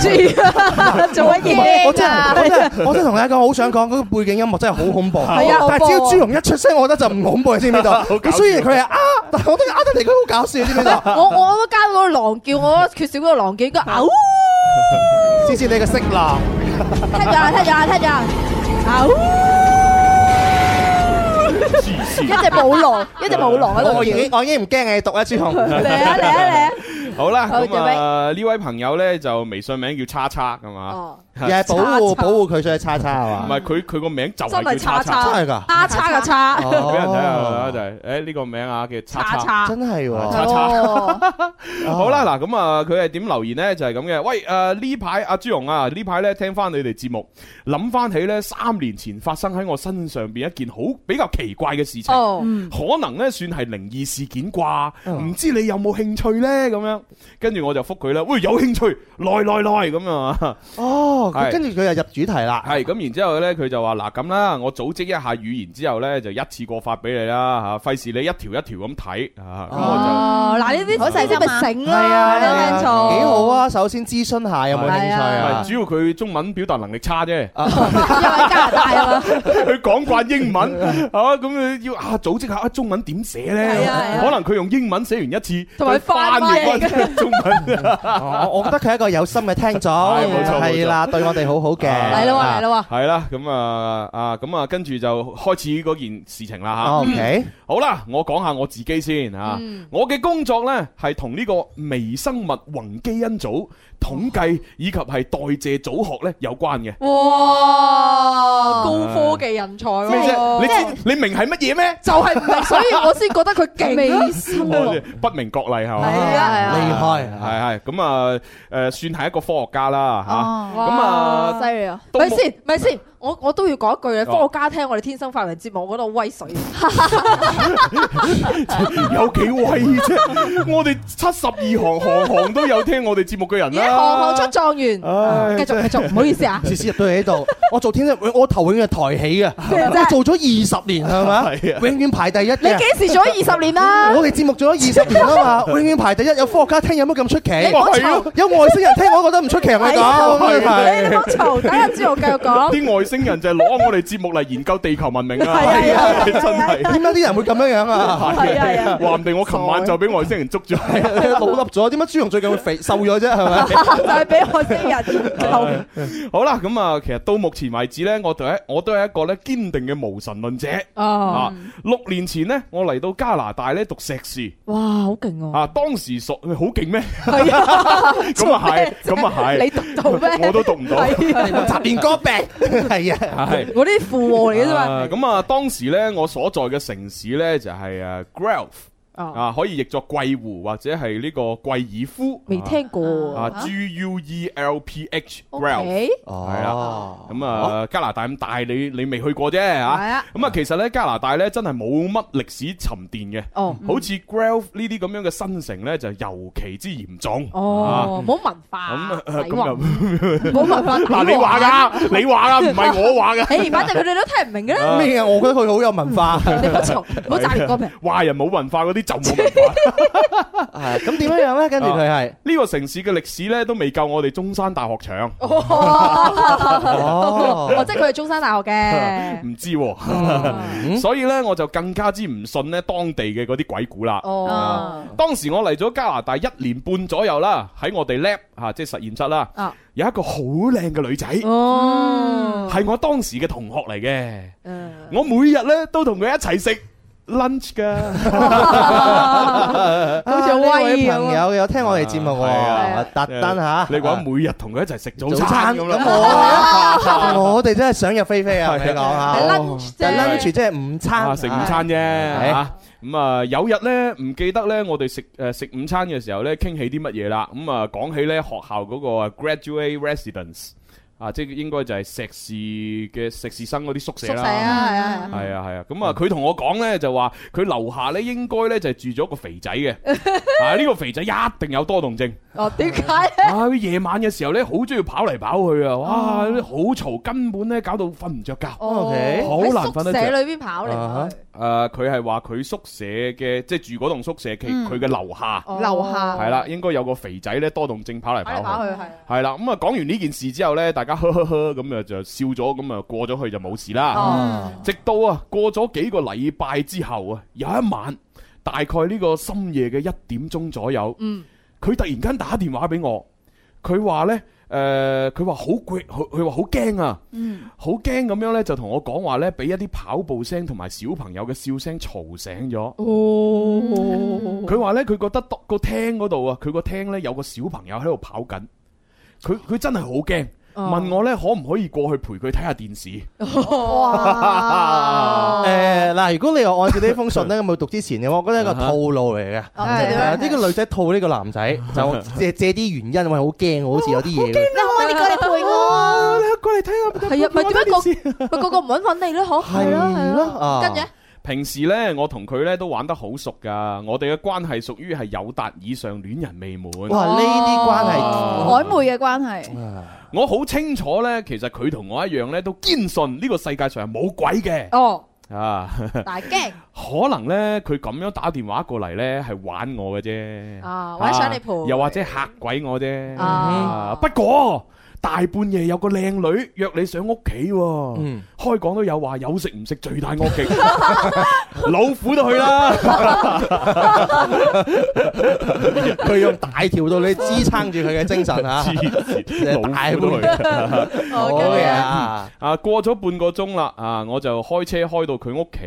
注意做乜嘢？我真係，我真係，我真係同你講，好想講嗰個背景音樂真係好恐怖。係啊，但係只要朱紅一出聲，我覺得就唔恐怖知唔知道？ 雖然佢係啊，但係我覺得啊得嚟佢好搞笑先呢度。知知 我我都加到狼叫，我缺少個狼叫，啊嗚！ 試試你嘅色狼。 聽住啊！聽住啊！聽住啊！啊 一隻母狼，一隻母狼 我，我已經，唔驚你讀啦、啊，朱紅。嚟 啊嚟啊嚟！好啦，咁啊呢位朋友咧就微信名叫叉叉，咁啊、哦。保護保護佢，所以叉叉係嘛？唔係，佢佢個名就真係叉叉，真係噶叉叉嘅叉俾人睇下，就係，誒呢個名啊叫叉叉，真係喎，叉叉。擦擦 好啦，嗱咁啊，佢係點留言呢？就係咁嘅。喂誒，呢排阿朱融啊，呢排咧聽翻你哋節目，諗翻起咧三年前發生喺我身上邊一件好比較奇怪嘅事情，哦、可能咧算係靈異事件啩？唔、嗯、知你有冇興趣咧？咁樣跟住我就復佢啦。喂，有興趣來來來咁樣啊，哦。跟住佢又入主題啦，係咁然之後咧，佢就話嗱咁啦，我組織一下語言之後咧，就一次過發俾你啦嚇，費事你一條一條咁睇嚇，咁我就嗱呢啲好曬先咪醒咯，幾好啊！首先諮詢下有冇興趣啊？主要佢中文表達能力差啫，因為喺加拿大啊嘛，佢講慣英文嚇，咁佢要啊組織下中文點寫咧，可能佢用英文寫完一次，同埋翻譯嘅中文，我覺得佢係一個有心嘅聽眾，係啦。對我哋好好嘅，嚟咯，嚟咯，係啦，咁啊，啊，咁啊，跟住就開始嗰件事情啦，吓，OK，好啦，我講下我自己先吓。我嘅工作咧係同呢個微生物宏基因組。統計以及係代謝組學咧有關嘅。哇，高科技人才。咩啫？你你明係乜嘢咩？就係唔明，所以我先覺得佢勁。不明國例係嘛？係啊，厲害，係係咁啊，誒，算係一個科學家啦，吓。咁啊，犀利啊。咪先，咪先。我我都要講一句啊，科學家聽我哋天生發明節目，我覺得好威水。有幾威啫？我哋七十二行，行行都有聽我哋節目嘅人啦。行行出狀元，繼續繼續，唔好意思啊。時時入到嚟呢度，我做天生，我頭永遠抬起嘅。即係，我做咗二十年係嘛？永遠排第一。你幾時做咗二十年啊？我哋節目做咗二十年啊嘛，永遠排第一。有科學家聽有乜咁出奇？有外星人聽我都覺得唔出奇。我講，你咪嘈，你咪嘈，睇下志豪繼續講。星人就係攞我哋節目嚟研究地球文明啊。係啊，真係，點解啲人會咁樣樣啊？話唔定我琴晚就俾外星人捉咗，老笠咗。點解朱融最近會肥瘦咗啫？係咪？就係俾外星人研究。好啦，咁啊，其實到目前為止咧，我都係我都係一個咧堅定嘅無神論者啊。六年前咧，我嚟到加拿大咧讀碩士。哇，好勁啊！啊，當時熟好勁咩？咁啊係，咁啊係。你讀到咩？我都讀唔到，習面哥病。係 啊，係我啲附和嚟啫嘛。咁、嗯、啊，當時咧我所在嘅城市咧就係誒 Grove。啊，可以譯作貴湖或者係呢個貴爾夫，未聽過啊？G U E L P H，Grove，係啊，咁啊加拿大咁大，你你未去過啫吓，係啊。咁啊其實咧加拿大咧真係冇乜歷史沉澱嘅，好似 Grove 呢啲咁樣嘅新城咧就尤其之嚴重。哦，冇文化，咁冇文化。嗱你話㗎，你話㗎，唔係我話㗎。誒，反正佢哋都聽唔明嘅啦。咩啊？我覺得佢好有文化。你唔好嘈，唔好炸裂個名。壞人冇文化嗰啲。就冇啊， 啊！咁點樣樣咧？跟住佢係呢個城市嘅歷史咧，都未夠我哋中山大學長哦即係佢係中山大學嘅，唔知、嗯，嗯、所以咧我就更加之唔信咧當地嘅嗰啲鬼故啦。哦，啊啊、當時我嚟咗加拿大一年半左右啦，喺我哋 lab 吓、啊，即係實驗室啦，啊、有一個好靚嘅女仔，係、哦嗯、我當時嘅同學嚟嘅，嗯、我每日咧都同佢一齊食。lunch 噶，好似我啲朋友有聽我哋節目，特登嚇。你講每日同佢一齊食早餐咁咯，我我哋真係想入非非啊！你講嚇，即係 lunch，即係午餐，食午餐啫嚇。咁啊，有日咧唔記得咧，我哋食誒食午餐嘅時候咧，傾起啲乜嘢啦？咁啊，講起咧學校嗰個 graduate residence。啊，即係應該就係碩士嘅碩士生嗰啲宿舍啦，係啊係啊係啊係啊。咁啊，佢同我講咧就話，佢樓下咧應該咧就住咗個肥仔嘅，啊呢個肥仔一定有多動症。哦，點解？啊夜晚嘅時候咧，好中意跑嚟跑去啊！哇，好嘈，根本咧搞到瞓唔着覺，好難瞓到。喺宿舍裏邊跑嚟跑去。誒，佢係話佢宿舍嘅，即係住嗰棟宿舍，其佢嘅樓下，樓下係啦，應該有個肥仔咧多動症跑嚟跑去，係啦。咁啊，講完呢件事之後咧，大呵呵呵咁啊，就笑咗咁啊，過咗去就冇事啦。Oh. 直到啊過咗幾個禮拜之後啊，有一晚，大概呢個深夜嘅一點鐘左右，嗯，佢突然間打電話俾我，佢話呢，誒、呃，佢話好攰，佢佢話好驚啊，嗯、mm.，好驚咁樣呢，就同我講話呢，俾一啲跑步聲同埋小朋友嘅笑聲嘈醒咗。佢話呢，佢覺得、個廳嗰度啊，佢、個廳呢，有個小朋友喺度跑緊，佢佢真係好驚。問我咧可唔可以過去陪佢睇下電視？誒，嗱，如果你又按照呢封信咧，冇 讀之前嘅，我覺得一個套路嚟嘅，呢個女仔套呢個男仔， 就借借啲原因，喂、欸，好驚，好似有啲嘢，驚啊！我 你，你過嚟陪我，啊！你過嚟睇下。係啊， 唔係點解個咪個唔揾返你咧？嗬。係咯係咯。跟住。平時呢，我同佢呢都玩得好熟噶，我哋嘅關係屬於係友達以上戀人未滿。哇，呢啲、哦、關係曖、啊、昧嘅關係，我好清楚呢。其實佢同我一樣呢，都堅信呢個世界上係冇鬼嘅。哦，啊，大驚可能呢，佢咁樣打電話過嚟呢係玩我嘅啫、啊啊。又或者吓鬼我啫、嗯啊。不過。大半夜有個靚女約你上屋企喎，嗯、開講都有話有食唔食罪大惡極， 老虎都去啦。佢 用大條到你支撐住佢嘅精神嚇。大半夜，好嘅啊！啊 過咗半個鐘啦啊，我就開車開到佢屋企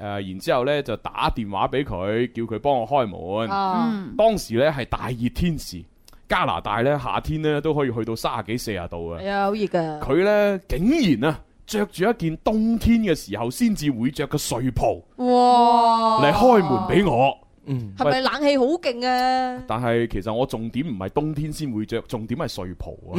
誒，然之後呢就打電話俾佢，叫佢幫我開門。嗯、當時呢係大熱天時。加拿大咧夏天咧都可以去到三十幾四十度啊！係啊，好熱㗎。佢咧竟然啊着住一件冬天嘅時候先至會着嘅睡袍。哇！嚟開門俾我。嗯。係咪冷氣好勁啊？但係其實我重點唔係冬天先會着，重點係睡袍啊。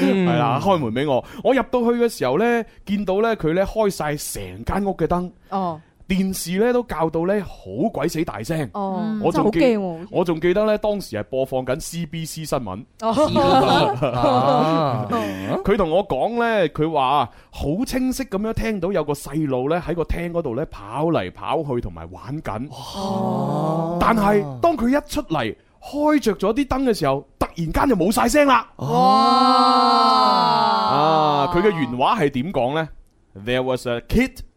係啦，開門俾我。我入到去嘅時候咧，見到咧佢咧開晒成間屋嘅燈。哦。Oh. 電視咧都教到咧好鬼死大聲，嗯、我仲記，我仲記得咧、哦、當時係播放緊 CBC 新聞，佢同、啊、我講呢佢話好清晰咁樣聽到有個細路咧喺個廳嗰度咧跑嚟跑去同埋玩緊，啊、但係當佢一出嚟開着咗啲燈嘅時候，突然間就冇晒聲啦。啊，啊，啊！佢嘅、啊啊、原話係點講呢？There was a kid。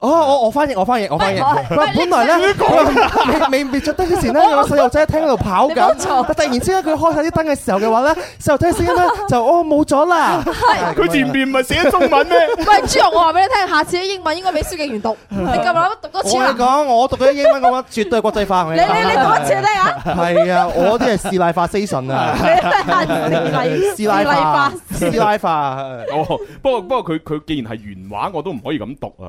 哦，我我翻譯，我翻譯，我翻譯。喂，本來咧滅滅滅咗燈之前咧，有個細路仔喺廳度跑緊，突然之間佢開晒啲燈嘅時候嘅話咧，細路仔嘅聲音咧就哦冇咗啦。佢前面唔係寫中文咩？喂，豬肉，我話俾你聽，下次啲英文應該俾書記員讀。你咁諗讀多次。我講我讀啲英文嘅話，絕對國際化嘅。你你多一次得啊？係啊，我啲係斯賴化。啊。不過不過佢佢既然係原話，我都唔可以咁讀啊。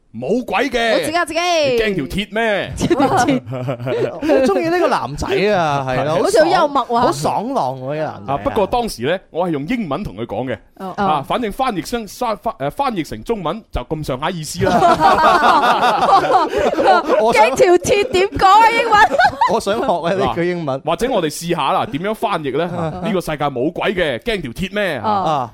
冇鬼嘅，我自家自己驚條鐵咩？中意呢個男仔啊，係咯，好似好幽默，好爽朗嗰個人。啊，不過當時咧，我係用英文同佢講嘅，啊，反正翻譯成翻誒，翻譯成中文就咁上下意思啦。驚條鐵點講啊？英文？我想學啊，嗱，你句英文，或者我哋試下啦，點樣翻譯咧？呢個世界冇鬼嘅，驚條鐵咩啊？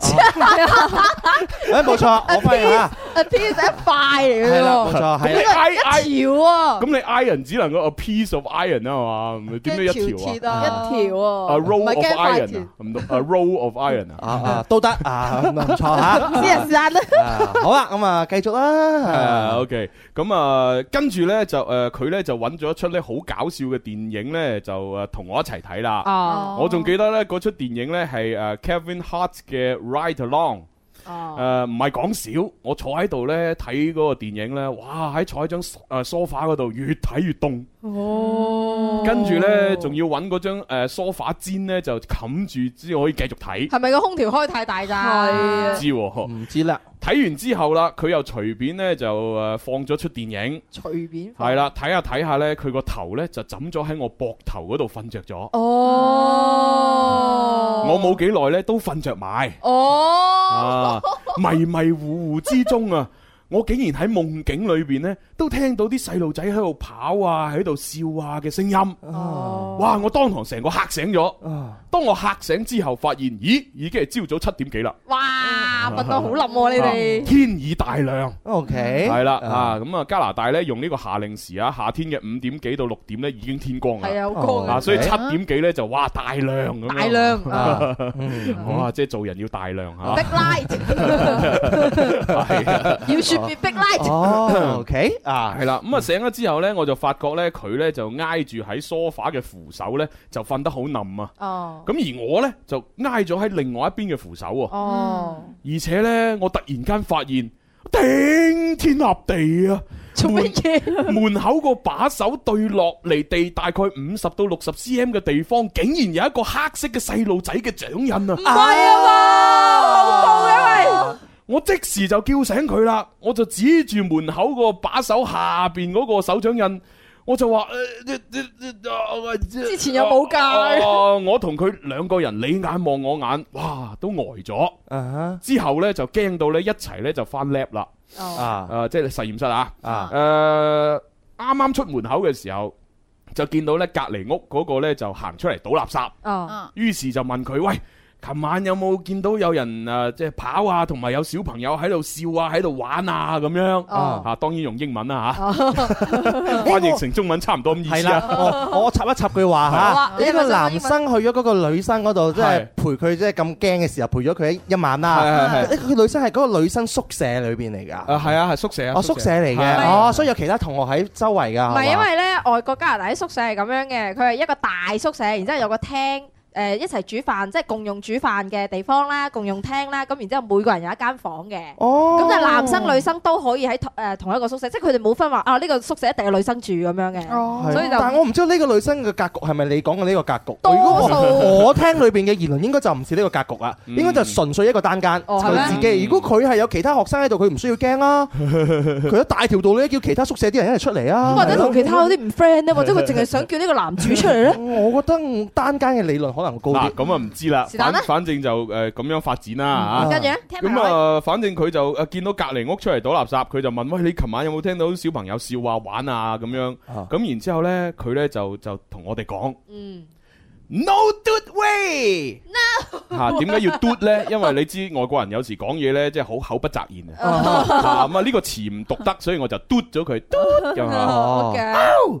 誒，冇錯，我發現啦。piece 一塊嚟嘅喎，呢個 iron 一條喎。咁你 iron 只能夠 a piece of iron 啊嘛，點解一條啊？一條啊，唔係一條啊？唔 a roll of iron 啊，都得啊，唔錯啊。好啦，咁啊，繼續啦。OK，咁啊，跟住咧就誒，佢咧就揾咗一出咧好搞笑嘅電影咧，就誒同我一齊睇啦。我仲記得咧嗰出電影咧係誒 Kevin Hart 嘅。Right along，誒唔係講笑，我坐喺度呢睇嗰個電影呢，哇喺坐喺張誒梳化嗰度越睇越凍，哦，跟住呢，仲要揾嗰張梳化氈、oh，呢，呃、呢，就冚住先可以繼續睇，係咪個空調開太大咋？係啊、唔知喎嗬、啊，唔知啦。睇完之後啦，佢又隨便咧就誒放咗出電影，隨便係啦，睇下睇下咧，佢個頭咧就枕咗喺我膊頭嗰度瞓着咗。哦，啊、我冇幾耐咧都瞓着埋。哦、啊，迷迷糊糊之中啊！ 我竟然喺夢境裏邊呢，都聽到啲細路仔喺度跑啊，喺度笑啊嘅聲音。哦！哇！我當堂成個嚇醒咗。哦！當我嚇醒之後，發現咦，已經係朝早七點幾啦。哇！瞓到好冧喎，你哋。天已大亮。OK。係啦，啊，咁啊，加拿大咧用呢個夏令時啊，夏天嘅五點幾到六點咧已經天光啦。係啊，好光啊，所以七點幾咧就哇大亮大亮。哇！即係做人要大亮吓。特別 light、oh, okay? ah, yeah, 嗯。o k 啊，係啦，咁啊，醒咗之後呢，我就發覺呢，佢呢就挨住喺梳化嘅扶手呢，就瞓得好冧啊。咁、oh. 而我呢，就挨咗喺另外一邊嘅扶手啊。哦，oh. 而且呢，我突然間發現頂天立地啊，做乜嘢、啊？門口個把手對落嚟地大概五十到六十 cm 嘅地方，竟然有一個黑色嘅細路仔嘅掌印啊！唔係、oh. 啊嘛、啊，好怖啊喂！Oh. 我即時就叫醒佢啦，我就指住門口個把手下邊嗰個手掌印，我就話：誒、呃，之前有冇㗎？我同佢兩個人你眼望我眼，哇，都呆咗。之後呢，就驚到呢，一齊呢，就翻 lab 啦。哦，啊，呃、即係實驗室啊。啊，啱、呃、啱出門口嘅時候就見到呢，隔籬屋嗰個呢，就行出嚟倒垃圾。哦，於是就問佢：喂。琴晚有冇見到有人啊？即係跑啊，同埋有小朋友喺度笑啊，喺度玩啊咁樣啊！啊，當然用英文啦嚇，翻譯成中文差唔多咁意思。係啦，我插一插句話嚇，一個男生去咗嗰個女生嗰度，即係陪佢，即係咁驚嘅時候陪咗佢一晚啦。係係係，佢個女生係嗰個女生宿舍裏邊嚟㗎。啊，係啊，係宿舍啊，我宿舍嚟嘅。哦，所以有其他同學喺周圍㗎。唔係因為咧，外國加拿大啲宿舍係咁樣嘅，佢係一個大宿舍，然之後有個廳。誒一齊煮飯，即係共用煮飯嘅地方啦，共用廳啦，咁然之後每個人有一間房嘅。哦，咁就男生女生都可以喺誒同一個宿舍，即係佢哋冇分話啊呢個宿舍一定係女生住咁樣嘅。哦，所以就但係我唔知道呢個女生嘅格局係咪你講嘅呢個格局？多數我聽裏邊嘅言論應該就唔似呢個格局啦，應該就純粹一個單間就自己。如果佢係有其他學生喺度，佢唔需要驚啦。佢喺大條道理咧，叫其他宿舍啲人一齊出嚟啊！或者同其他嗰啲唔 friend 咧，或者佢淨係想叫呢個男主出嚟咧？我覺得單間嘅理論。可能高啲，咁啊唔知啦。是但啦，反正就誒咁樣發展啦。跟住，咁啊，反正佢就誒見到隔籬屋出嚟倒垃圾，佢就問：喂，你琴晚有冇聽到小朋友笑啊、玩啊咁樣？咁然之後咧，佢呢就就同我哋講：嗯，no do way，no。吓，點解要 do 咧？因為你知外國人有時講嘢呢，即係好口不擇言啊。咁啊呢個詞唔讀得，所以我就 do 咗佢。哦。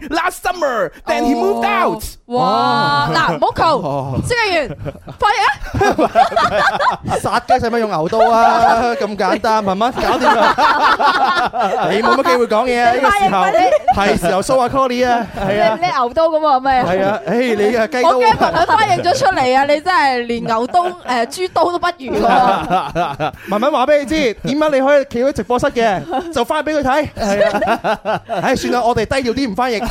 Last summer, then he moved out. 哇！嗱，唔好叫，翻譯員，翻譯啊！殺雞使乜用牛刀啊？咁簡單，慢慢搞掂啦！你冇乜機會講嘢啊！呢個時候係時候蘇下 Colly 啊！係啊！你牛刀咁啊？咩啊？係啊！誒，你啊雞刀！我驚佢翻譯咗出嚟啊！你真係連牛刀誒豬刀都不如啊！慢慢話俾你知，點解你可以企喺直播室嘅，就翻俾佢睇。係啊！唉，算啦，我哋低調啲，唔翻譯。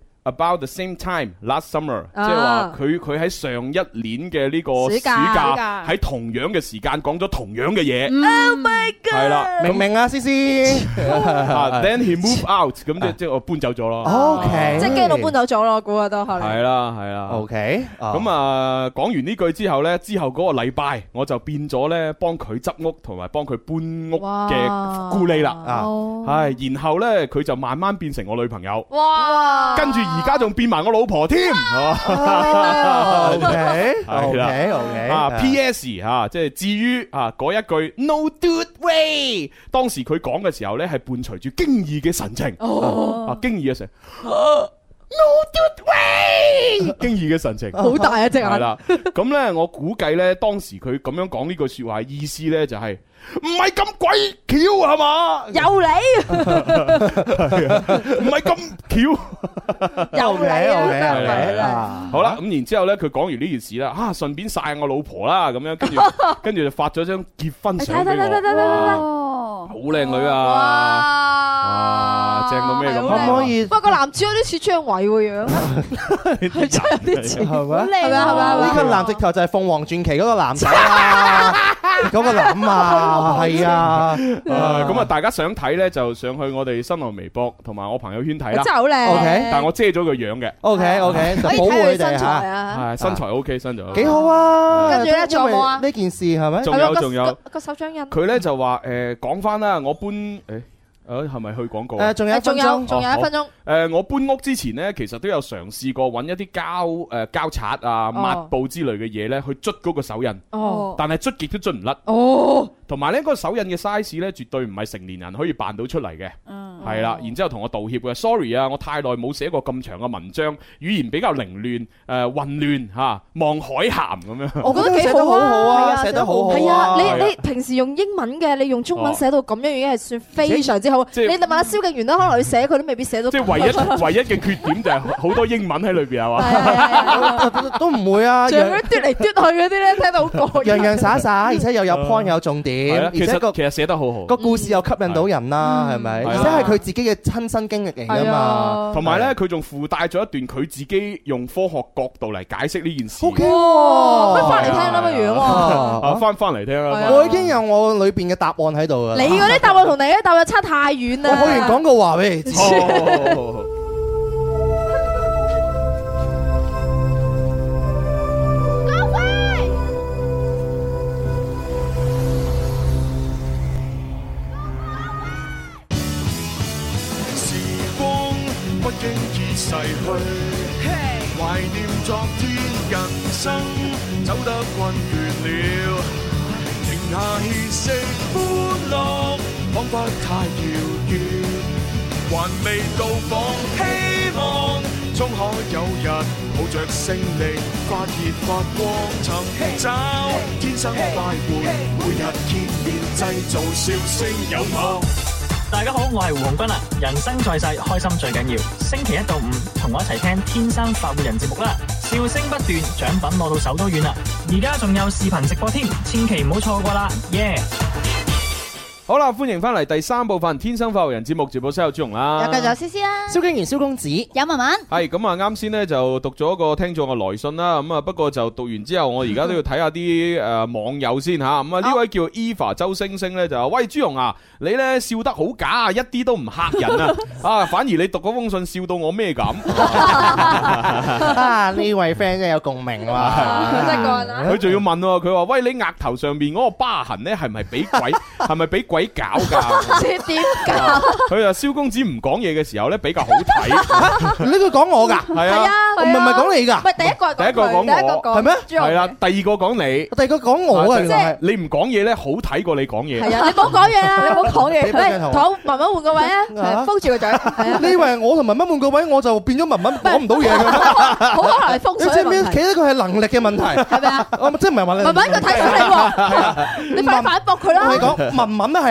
About the same time last summer，即係話佢佢喺上一年嘅呢個暑假喺同樣嘅時間講咗同樣嘅嘢。Oh my god！係啦，明唔明啊，思思？啊，then he move out，咁即即係我搬走咗咯。OK，即係驚到搬走咗咯，估下都係。係啦係啦。OK，咁啊，講完呢句之後咧，之後個禮拜我就變咗咧幫佢執屋同埋幫佢搬屋嘅咕喱啦。啊，係，然後咧佢就慢慢變成我女朋友。哇！跟住。而家仲變埋我老婆添、啊、 ，OK，係啦，OK，啊、okay? ，PS，吓，即係至於啊嗰一句 No dude way，當時佢講嘅時候咧，係伴隨住驚異嘅神情，啊驚異嘅神 no dude way，驚異嘅神情，好、oh, no、 大一、啊、隻眼，係 啦，咁咧我估計咧，當時佢咁樣講呢句說話，意思咧就係、是。唔係咁鬼巧係嘛？有理，唔係咁巧，有理啊，係啊，係好啦，咁然之後咧，佢講完呢件事啦，啊，順便晒我老婆啦，咁樣跟住跟住就發咗張結婚相俾我，好靚女啊，正到咩咁，啊、可唔可以？不過個男主角有啲似張偉個樣， 真係有啲似，好靚啊，係咪？呢個男直頭就係鳳凰傳奇嗰 個男仔，嗰 個男啊、就。是係啊，咁啊，大家想睇咧就上去我哋新浪微博同埋我朋友圈睇啦。走係好靚，但係我遮咗個樣嘅。O K O K，保護你哋，可以睇佢身材啊，身材 O K，身材幾好啊。跟住咧仲有冇啊？呢件事係咪？仲有仲有個手掌印。佢咧就話誒，講翻啦，我搬誒。誒，係咪去廣告？誒，仲有，仲有，仲有一分鐘。誒，我搬屋之前咧，其實都有嘗試過揾一啲膠誒膠擦啊、抹布之類嘅嘢咧，去捽嗰個手印。哦。但係捽極都捽唔甩。哦。同埋咧，個手印嘅 size 咧，絕對唔係成年人可以扮到出嚟嘅。嗯。係啦，然之後同我道歉嘅，sorry 啊，我太耐冇寫過咁長嘅文章，語言比較凌亂誒混亂吓，望海涵咁樣。我覺得其實都好好啊，寫得好好啊，寫得好好。係啊，你你平時用英文嘅，你用中文寫到咁樣，已經係算非常之好。你諗下蕭敬元都可能佢寫佢都未必寫到。即係唯一唯一嘅缺點就係好多英文喺裏邊係嘛？都唔會啊！最尾嚟去啲咧，聽得好過癮。洋洋灑灑，而且又有 point 有重點，而且其實寫得好好，個故事又吸引到人啦，係咪？而且係佢自己嘅親身經歷嚟㗎嘛，同埋咧，佢仲附帶咗一段佢自己用科學角度嚟解釋呢件事。O K，翻翻嚟聽啦個樣喎，翻翻嚟聽啦。我已經有我裏邊嘅答案喺度㗎。你嗰啲答案同你一答案差太。啊、我可以講個話俾你知。勝利發熱發光，曾經走 hey, hey, 天生快活，hey, hey, 每日見面製造笑聲有我。大家好，我係胡鴻鈞啦。人生在世，開心最緊要。星期一到五，同我一齊聽天生快活人節目啦！笑聲不斷，獎品攞到手都軟啦。而家仲有視頻直播添，千祈唔好錯過啦！耶、yeah。好啦，歡迎翻嚟第三部分《天生快活人》節目，直播室有朱容啦，又繼續有 C C 啦，蕭敬堯蕭公子，有文嗎文。係咁啊！啱先咧就讀咗一個聽眾嘅來信啦，咁啊不過就讀完之後，我而家都要睇下啲誒網友先吓，咁啊呢、嗯嗯嗯、位叫 Eva 周星星咧就話：喂朱容啊，你咧笑得好假啊，一啲都唔吓人啊， 啊反而你讀嗰封信笑到我咩咁 啊呢位 friend 真係有共鳴啊，佢仲 要問哦，佢話喂你額頭上面嗰個疤痕咧係咪俾鬼係咪俾鬼？ 是點搞噶，點搞？佢話蕭公子唔講嘢嘅時候咧比較好睇，呢個講我噶，係啊，唔係唔係講你噶，唔係第一個，第一個講我，係咩？係啦，第二個講你，第二個講我啊，即係你唔講嘢咧，好睇過你講嘢。係啊，你唔好講嘢啊，你唔好講嘢，唔好，文文換個位啊，封住個嘴。你以為我同文文換個位，我就變咗文文講唔到嘢噶？好可能係風水嘅問題。你知唔知？其實佢係能力嘅問題，係咪啊？即係唔係文文，文文佢睇書嘅喎，你快反駁佢啦！我講文文咧係。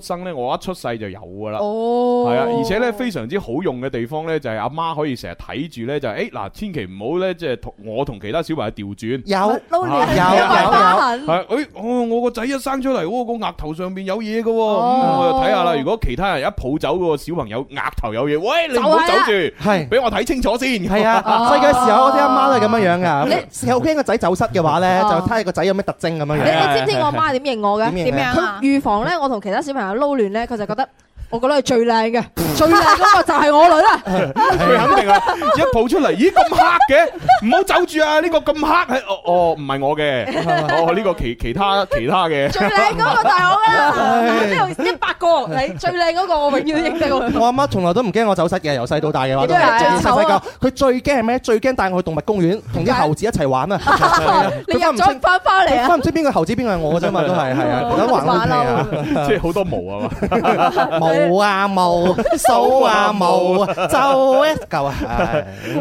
生咧，我一出世就有噶啦，係啊，而且咧非常之好用嘅地方咧，就係阿媽可以成日睇住咧，就係誒嗱，千祈唔好咧，即係同我同其他小朋友調轉有有有有，誒，我我個仔一生出嚟，我個額頭上邊有嘢噶，咁我就睇下啦。如果其他人一抱走個小朋友額頭有嘢，喂，你唔好走住，係俾我睇清楚先。係啊，細個時候我啲阿媽都係咁樣樣噶。你後邊個仔走失嘅話咧，就睇下個仔有咩特徵咁樣樣。你知唔知我媽點認我噶？點樣預防咧，我同其他小朋友。撈亂咧，佢就、啊、覺得。我覺得係最靚嘅，最靚嗰個就係我女啦。佢肯定啦，一抱出嚟，咦，咁黑嘅，唔好走住啊！呢個咁黑係，哦哦，唔係我嘅，哦呢個其其他其他嘅。最靚嗰個就係我啦，一一百個你最靚嗰個，我永遠認定我。我阿媽從來都唔驚我走失嘅，由細到大嘅話，細細個佢最驚係咩？最驚帶我去動物公園同啲猴子一齊玩啊！佢都唔識翻翻嚟啊！佢都唔知邊個猴子邊個係我嘅啫嘛，都係係啊，即係好多毛啊！冇啊冇，數啊茂，就一嚿啊。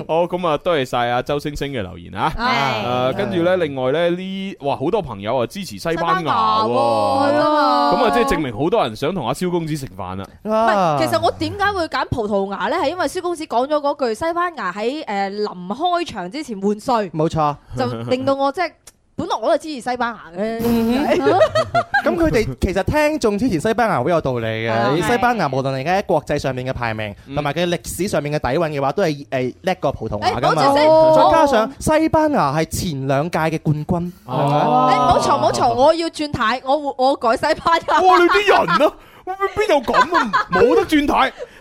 好，咁啊，多謝晒阿周星星嘅留言啊。係、啊，跟住咧，另外咧，呢，哇，好多朋友啊，支持西班牙喎。咁啊，即係證明好多人想同阿蕭公子食飯啦。啊、其實我點解會揀葡萄牙咧？係因為蕭公子講咗嗰句，西班牙喺誒臨開場之前換帥，冇錯，就令到我即係。本來我就支持西班牙咧，咁佢哋其實聽眾支持西班牙好有道理嘅。西班牙無論而家喺國際上面嘅排名，同埋佢歷史上面嘅底蘊嘅話，都係誒叻過葡萄牙噶嘛。再加上西班牙係前兩屆嘅冠軍，你唔好嘈，唔好嘈，我要轉軚，我我改西班牙。哇！你啲人啊，邊有咁啊？冇得轉軚。我轉台，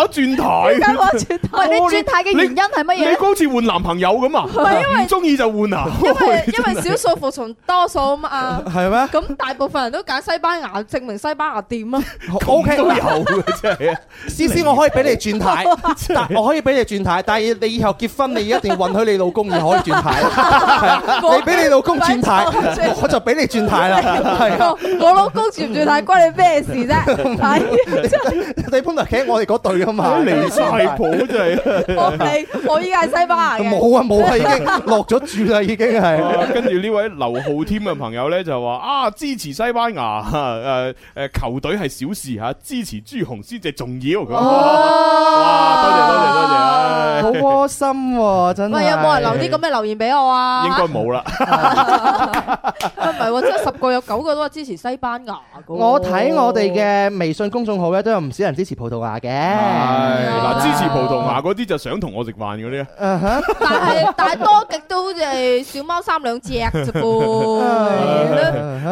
有得轉台。我轉台，你轉台嘅原因係乜嘢？你好似換男朋友咁啊？唔係因為中意就換啊？因為因為少數服從多數啊嘛。係咩？咁大部分人都揀西班牙，證明西班牙掂啊？O K 都有嘅真係。思思，我可以俾你轉台，我可以俾你轉台。但係你以後結婚，你一定允許你老公而可以轉台。你俾你老公轉台，我就俾你轉台啦。係啊，我老公轉唔轉台關你咩事啫？唔係，你搬。我哋嗰隊啊嘛，離曬譜真係。我哋，我依家係西班牙。冇啊冇啊，已經落咗注啦，已經係。跟住呢位劉浩添嘅朋友咧，就話啊支持西班牙嚇，誒球隊係小事嚇，支持朱紅先至重要。哦，多謝多謝多謝，好窩心喎真係。唔係有冇人留啲咁嘅留言俾我啊？應該冇啦。唔係喎，真係十個有九個都係支持西班牙。我睇我哋嘅微信公眾號咧都有唔少人支持葡葡萄牙嘅，嗱、嗯哎、支持葡萄牙嗰啲就想同我食飯嗰啲，嗯、但係大多極都係小貓三兩隻啫噃。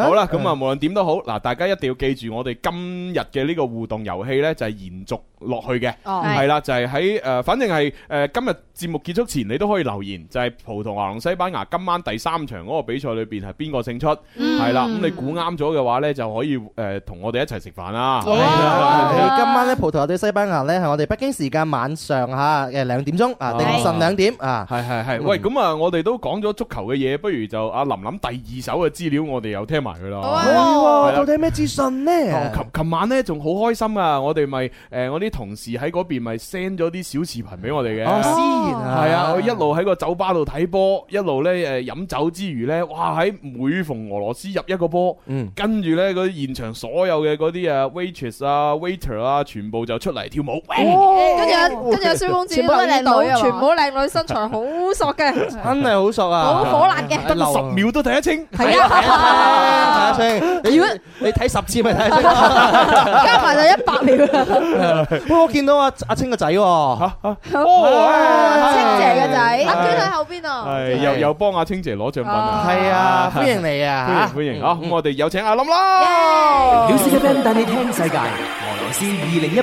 好啦，咁啊，無論點都好，嗱、嗯，大家一定要記住，我哋今日嘅呢個互動遊戲呢，就係延續落去嘅，係啦，就係喺誒，反正係誒今日節目結束前，你都可以留言，就係葡萄牙同西班牙今晚第三場嗰個比賽裏邊係邊個勝出，係啦、嗯，咁你估啱咗嘅話呢，就可以誒同我哋一齊食飯啦。哎哎、你今晚咧。葡萄牙對西班牙咧，係我哋北京時間晚上吓嘅兩點鐘，凌晨兩點啊，係係係。嗯、喂，咁啊，我哋都講咗足球嘅嘢，不如就阿琳琳第二手嘅資料我資、嗯，我哋又聽埋佢啦。係、呃，到底有咩資訊呢？琴琴晚咧仲好開心啊！我哋咪誒，我啲同事喺嗰邊咪 send 咗啲小視頻俾我哋嘅。哦，係啊，我一路喺個酒吧度睇波，一路咧誒飲酒之餘咧，哇！喺每逢俄羅斯入一個波，嗯，跟住咧嗰啲現場所有嘅嗰啲啊 waitress 啊 waiter 啊全。就出嚟跳舞，跟住有跟住阿蕭公子，全部靚女，全部靚女，身材好索嘅，真係好索啊，好火辣嘅，跟住十秒都睇得清，係啊，睇得清，如果你睇十次咪睇得清，加埋就一百秒。我見到阿阿清個仔，阿清姐個仔，阿娟喺後邊啊，係又又幫阿清姐攞獎品啊，係啊，歡迎你啊，歡迎，好，咁我哋有請阿林啦，表示嘅 band 帶你聽世界，俄羅斯二零一。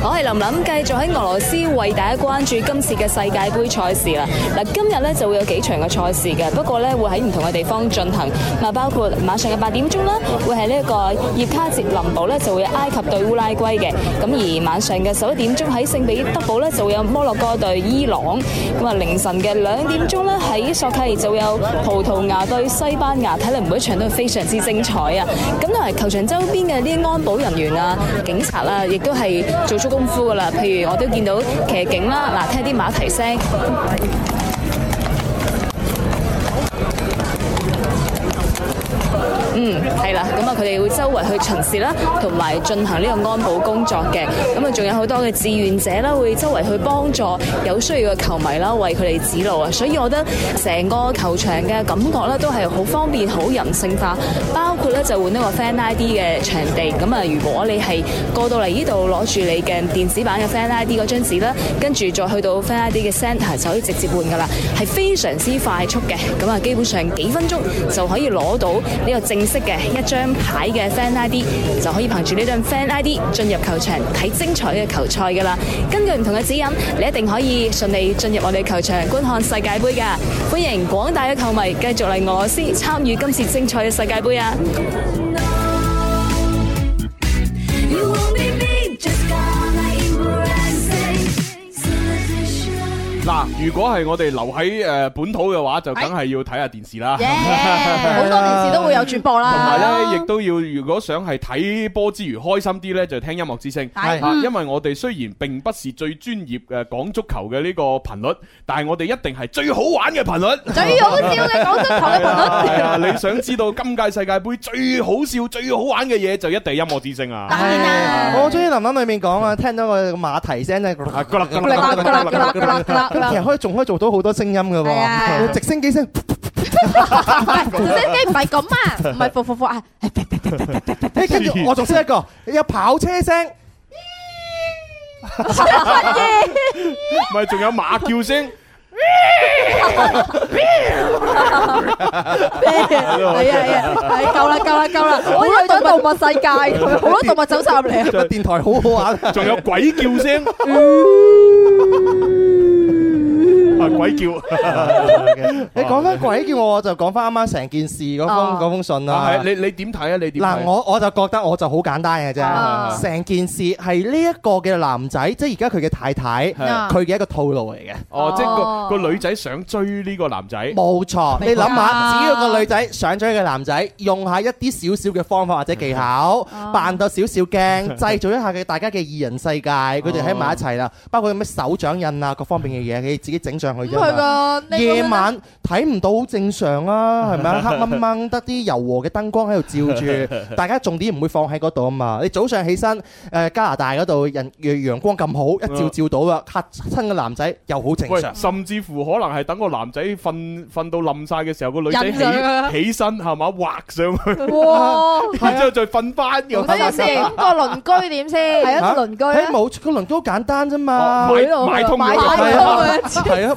我係林琳繼續喺俄羅斯為大家關注今次嘅世界盃賽事啦。嗱，今日咧就會有幾場嘅賽事嘅，不過咧會喺唔同嘅地方進行。啊，包括晚上嘅八點鐘啦，會係呢一個葉卡捷琳堡咧，就會埃及對烏拉圭嘅。咁而晚上嘅十一點鐘喺聖彼得堡咧，就會有摩洛哥對伊朗。咁啊，凌晨嘅兩點鐘咧喺索契就有葡萄牙對西班牙，睇嚟每一場都係非常之精彩啊！咁同埋球場周邊嘅呢啲安保人員啊、警察啊亦都係做出。功夫噶啦，譬如我都見到騎警啦，嗱，聽啲馬蹄聲。嗯，係啦，咁啊，佢哋會周圍去巡視啦，同埋進行呢個安保工作嘅。咁啊，仲有好多嘅志願者啦，會周圍去幫助有需要嘅球迷啦，為佢哋指路啊。所以我覺得成個球場嘅感覺咧，都係好方便、好人性化。包括咧就換呢個 Fan ID 嘅場地。咁啊，如果你係過到嚟呢度攞住你嘅電子版嘅 Fan ID 嗰張紙啦，跟住再去到 Fan ID 嘅 Center 就可以直接換噶啦，係非常之快速嘅。咁啊，基本上幾分鐘就可以攞到呢個正式。嘅一張牌嘅 Fan ID 就可以憑住呢張 Fan ID 進入球場睇精彩嘅球賽㗎喇，根據唔同嘅指引，你一定可以順利進入我哋球場觀看世界杯㗎。歡迎廣大嘅球迷繼續嚟俄羅斯參與今次精彩嘅世界杯啊！如果係我哋留喺誒本土嘅話，就梗係要睇下電視啦。好多電視都會有轉播啦。同埋咧，亦都要如果想係睇波之餘開心啲咧，就聽音樂之聲。係，對 因為我哋雖然並不是最專業誒講足球嘅呢個頻率，但係我哋一定係最好玩嘅頻率。頻率 最好笑嘅講足球嘅頻率。你想知道今屆世界盃最好笑、最好玩嘅嘢，就一定係音樂之聲是 啊！當然啦，我中意林林裏面講啊，聽到個馬蹄聲咧。 可以仲可以做到好多聲音噶喎，直升機聲，直升機唔係咁啊，唔係撲撲撲，誒，跟住我仲識一個，有跑車聲，直升機，唔係仲有馬叫聲，咩？係啊係啊，夠啦夠啦夠啦，我去咗動物世界，好多動物走晒入嚟，電台好好玩，仲有鬼叫聲。啊、鬼叫！ okay，你講翻鬼叫我，我就講翻啱啱成件事封封信啦、啊。你你點睇啊？你點、啊？嗱？我我就覺得我就好簡單嘅啫。成、啊、件事係呢一個嘅男仔，即係而家佢嘅太太，佢嘅、啊、一個套路嚟嘅。哦、啊，即係個個女仔想追呢個男仔。冇錯，你諗下，只要個女仔想追嘅男仔， 用下一啲少少嘅方法或者技巧，扮、啊、到少少驚，製造一下佢大家嘅二人世界，佢哋喺埋一齊啦。包括有咩手掌印啊，各方面嘅嘢，佢自己整唔係噶，夜晚睇唔到好正常啊，係咪啊？黑掹掹得啲柔和嘅燈光喺度照住，大家重點唔會放喺嗰度啊嘛。你早上起身，誒加拿大嗰度人陽陽光咁好，一照照到啦，黑親個男仔又好正常。甚至乎可能係等個男仔瞓瞓到冧曬嘅時候，個女仔起起身係嘛畫上去。哇！然之後再瞓翻，點先？個鄰居點先？係一個鄰居啊！冇個鄰居好簡單啫嘛，買到買通咗係啊！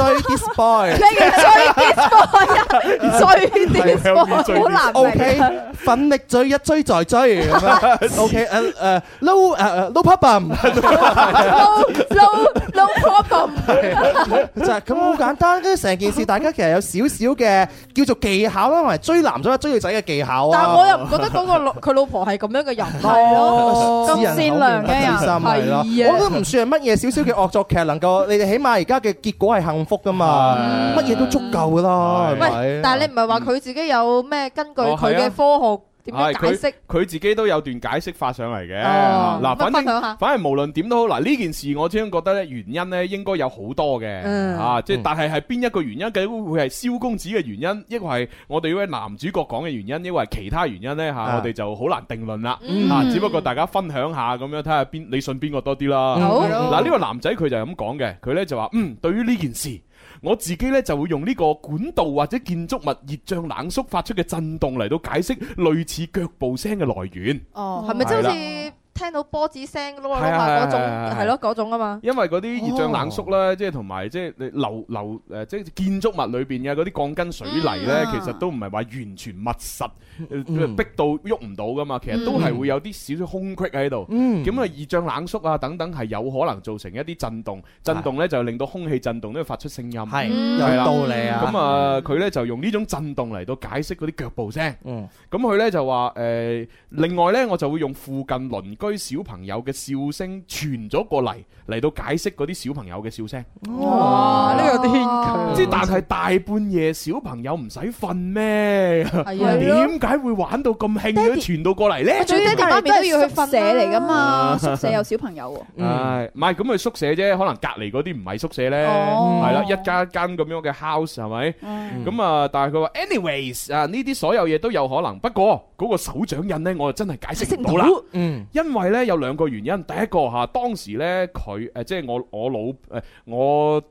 追啲 boy o 你叫追啲 boy o 啊？追啲 boy 好難。O K，奮力追一追再追。O K，誒誒，no 誒誒，no problem，no no no problem，就咁好簡單。跟住成件事，大家其實有少少嘅叫做技巧啦，同埋追男仔追女仔嘅技巧，但係我又唔覺得嗰個老佢老婆係咁樣嘅人，係咯，咁善良嘅人係啊，我都唔算係乜嘢少少嘅惡作劇，能夠你哋起碼而家嘅結果係幸。福噶嘛，乜嘢、嗯、都足夠噶啦。是是喂，但係你唔係話佢自己有咩根據佢嘅科學。哦係佢佢自己都有段解釋發上嚟嘅。嗱、哦啊，反正反正無論點都好，嗱、啊、呢件事我始終覺得咧原因咧，應該有好多嘅。嗯、啊，即係但係係邊一個原因，究竟會係蕭公子嘅原因，抑或係我哋呢位男主角講嘅原因，抑或係其他原因咧吓、啊，我哋就好難定論啦。嗱、嗯，只不過大家分享下咁樣，睇下邊你信邊個多啲啦。嗱，呢個男仔佢就係咁講嘅，佢咧就話嗯，對於呢件事。我自己呢就會用呢個管道或者建築物熱脹冷縮發出嘅震動嚟到解釋類似腳步聲嘅來源。哦，係咪、嗯、真係？聽到波子聲咯，嗰種係咯，嗰種啊嘛。因為嗰啲熱漲冷縮咧，即係同埋即係流流誒，即係建築物裏邊嘅嗰啲鋼筋水泥咧，其實都唔係話完全密實，誒逼到喐唔到噶嘛。其實都係會有啲少少空隙喺度。咁啊，熱漲冷縮啊等等係有可能造成一啲震動，震動咧就令到空氣震動，都發出聲音。係有道理啊。咁啊，佢咧就用呢種震動嚟到解釋嗰啲腳步聲。咁佢咧就話誒，另外咧我就會用附近鄰居。小朋友嘅笑聲傳咗過嚟。嚟到解釋嗰啲小朋友嘅笑聲，哇！呢個啲，即係但係大半夜小朋友唔使瞓咩？係啊，點解會玩到咁興都傳到過嚟咧？最低隔離都要去宿舍嚟㗎嘛，宿舍有小朋友喎。唉，唔係咁去宿舍啫，可能隔離嗰啲唔係宿舍咧，係啦，一間一間咁樣嘅 house 係咪？咁啊，但係佢話，anyways 啊，呢啲所有嘢都有可能。不過嗰個手掌印咧，我真係解釋唔到啦。嗯，因為咧有兩個原因，第一個嚇當時咧佢。誒、呃，即係我我老誒、呃，我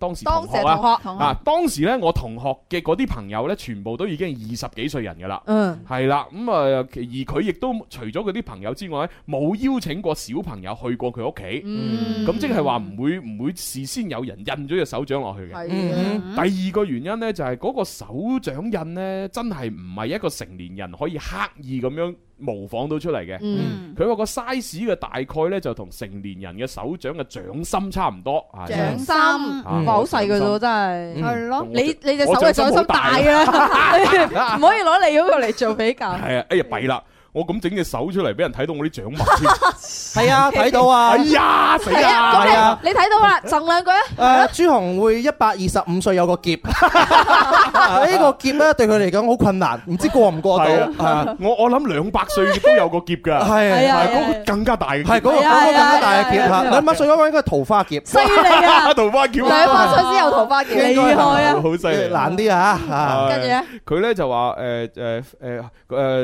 當時同學，時同學，同學啊，當時呢我同學嘅嗰啲朋友呢，全部都已經二十幾歲人噶啦，係啦、嗯，咁啊、嗯，而佢亦都除咗佢啲朋友之外，冇邀請過小朋友去過佢屋企，咁、嗯嗯、即係話唔會唔會事先有人印咗隻手掌落去嘅。嗯嗯、第二個原因呢，就係、是、嗰個手掌印呢，真係唔係一個成年人可以刻意咁樣。模仿到出嚟嘅，嗯，佢話個 size 嘅大概咧就同成年人嘅手掌嘅掌心差唔多，掌心唔係好細嘅啫，真係係咯，你你隻手嘅掌心大啊，唔可以攞你嗰個嚟做比較，係啊，哎呀弊啦。我咁整隻手出嚟，俾人睇到我啲掌紋。係啊，睇到啊！哎呀，死啦！你睇到啦？剩兩句啊！誒，朱紅會一百二十五歲有個劫，呢個劫咧對佢嚟講好困難，唔知過唔過到。我我諗兩百歲都有個劫㗎。係係，啊，嗰個更加大嘅，係嗰個更加大嘅劫。兩百歲嗰個應該係桃花劫。犀利啊！桃花劫，兩百歲先有桃花劫。厲害啊！好犀利，難啲啊！跟住咧，佢咧就話誒誒誒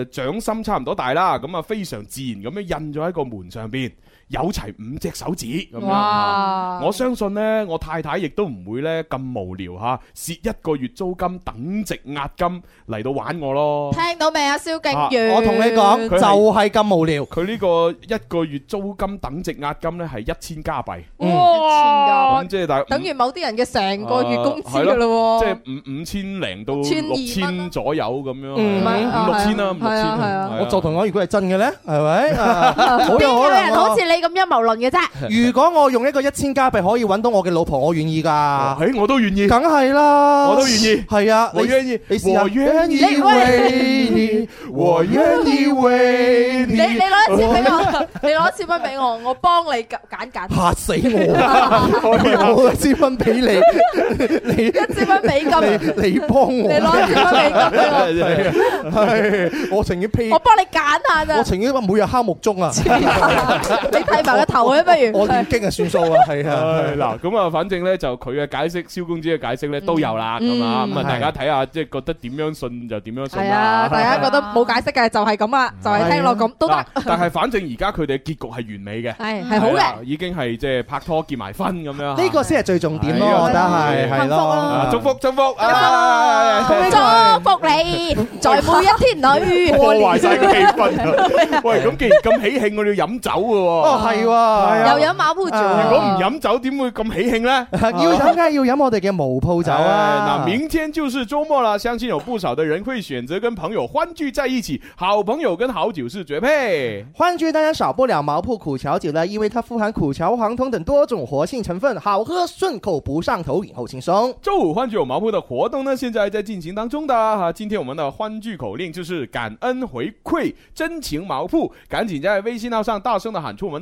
誒掌心差唔多大啦，咁啊非常自然咁樣印咗喺個門上邊。有齊五隻手指咁樣，我相信咧，我太太亦都唔會咧咁無聊嚇，蝕一個月租金等值押金嚟到玩我咯。聽到未啊，蕭敬遠？我同你講，就係咁無聊。佢呢個一個月租金等值押金咧，係一千加幣，一千加幣，即係大，等於某啲人嘅成個月工資㗎咯。即係五五千零到六千左右咁樣，五六千啦，五六千。我就同你講，如果係真嘅咧，係咪？冇可能，好似你。咁陰謀論嘅啫。如果我用一個一千加幣可以揾到我嘅老婆，我願意噶。誒，我都願意。梗係啦，我都願意。係啊，我願意。我願意為你，我願意為你。你你攞一千俾我，你攞一千蚊俾我，我幫你揀揀。嚇死我！我攞一千蚊俾你，你一千蚊俾咁，你幫我。你攞一千蚊俾我。係，我情願批。我幫你揀下咋。我情願每日敲木鐘啊。剃埋個頭啊，不如我哋激下算數啊，係啊，嗱咁啊，反正咧就佢嘅解釋，蕭公子嘅解釋咧都有啦，咁啊，咁啊，大家睇下，即係覺得點樣信就點樣信啦。係啊，大家覺得冇解釋嘅就係咁啊，就係聽落咁都得。但係反正而家佢哋嘅結局係完美嘅，係係好嘅，已經係即係拍拖結埋婚咁樣。呢個先係最重點咯，我覺得係咯，祝福祝福啊，祝福你，在每一天裏。破壞晒個氣氛。喂，咁既然咁喜慶，我哋要飲酒噶。係喎，又飲毛鋪酒。如果唔飲酒，點會咁喜慶呢？要飲梗係要飲我哋嘅毛鋪酒啊！嗱，明天就是週末啦，相信有不少的人會選擇跟朋友歡聚在一起。好朋友跟好酒是絕配。歡聚當然少不了毛鋪苦蕎酒啦，因為它富含苦蕎、黃酮等多種活性成分，好喝順口，不上頭，飲後輕鬆。週五歡聚有毛鋪的活動呢，現在還在進行當中的哈。今天我們的歡聚口令就是感恩回饋真情毛鋪，趕緊在微信號上大聲的喊出門。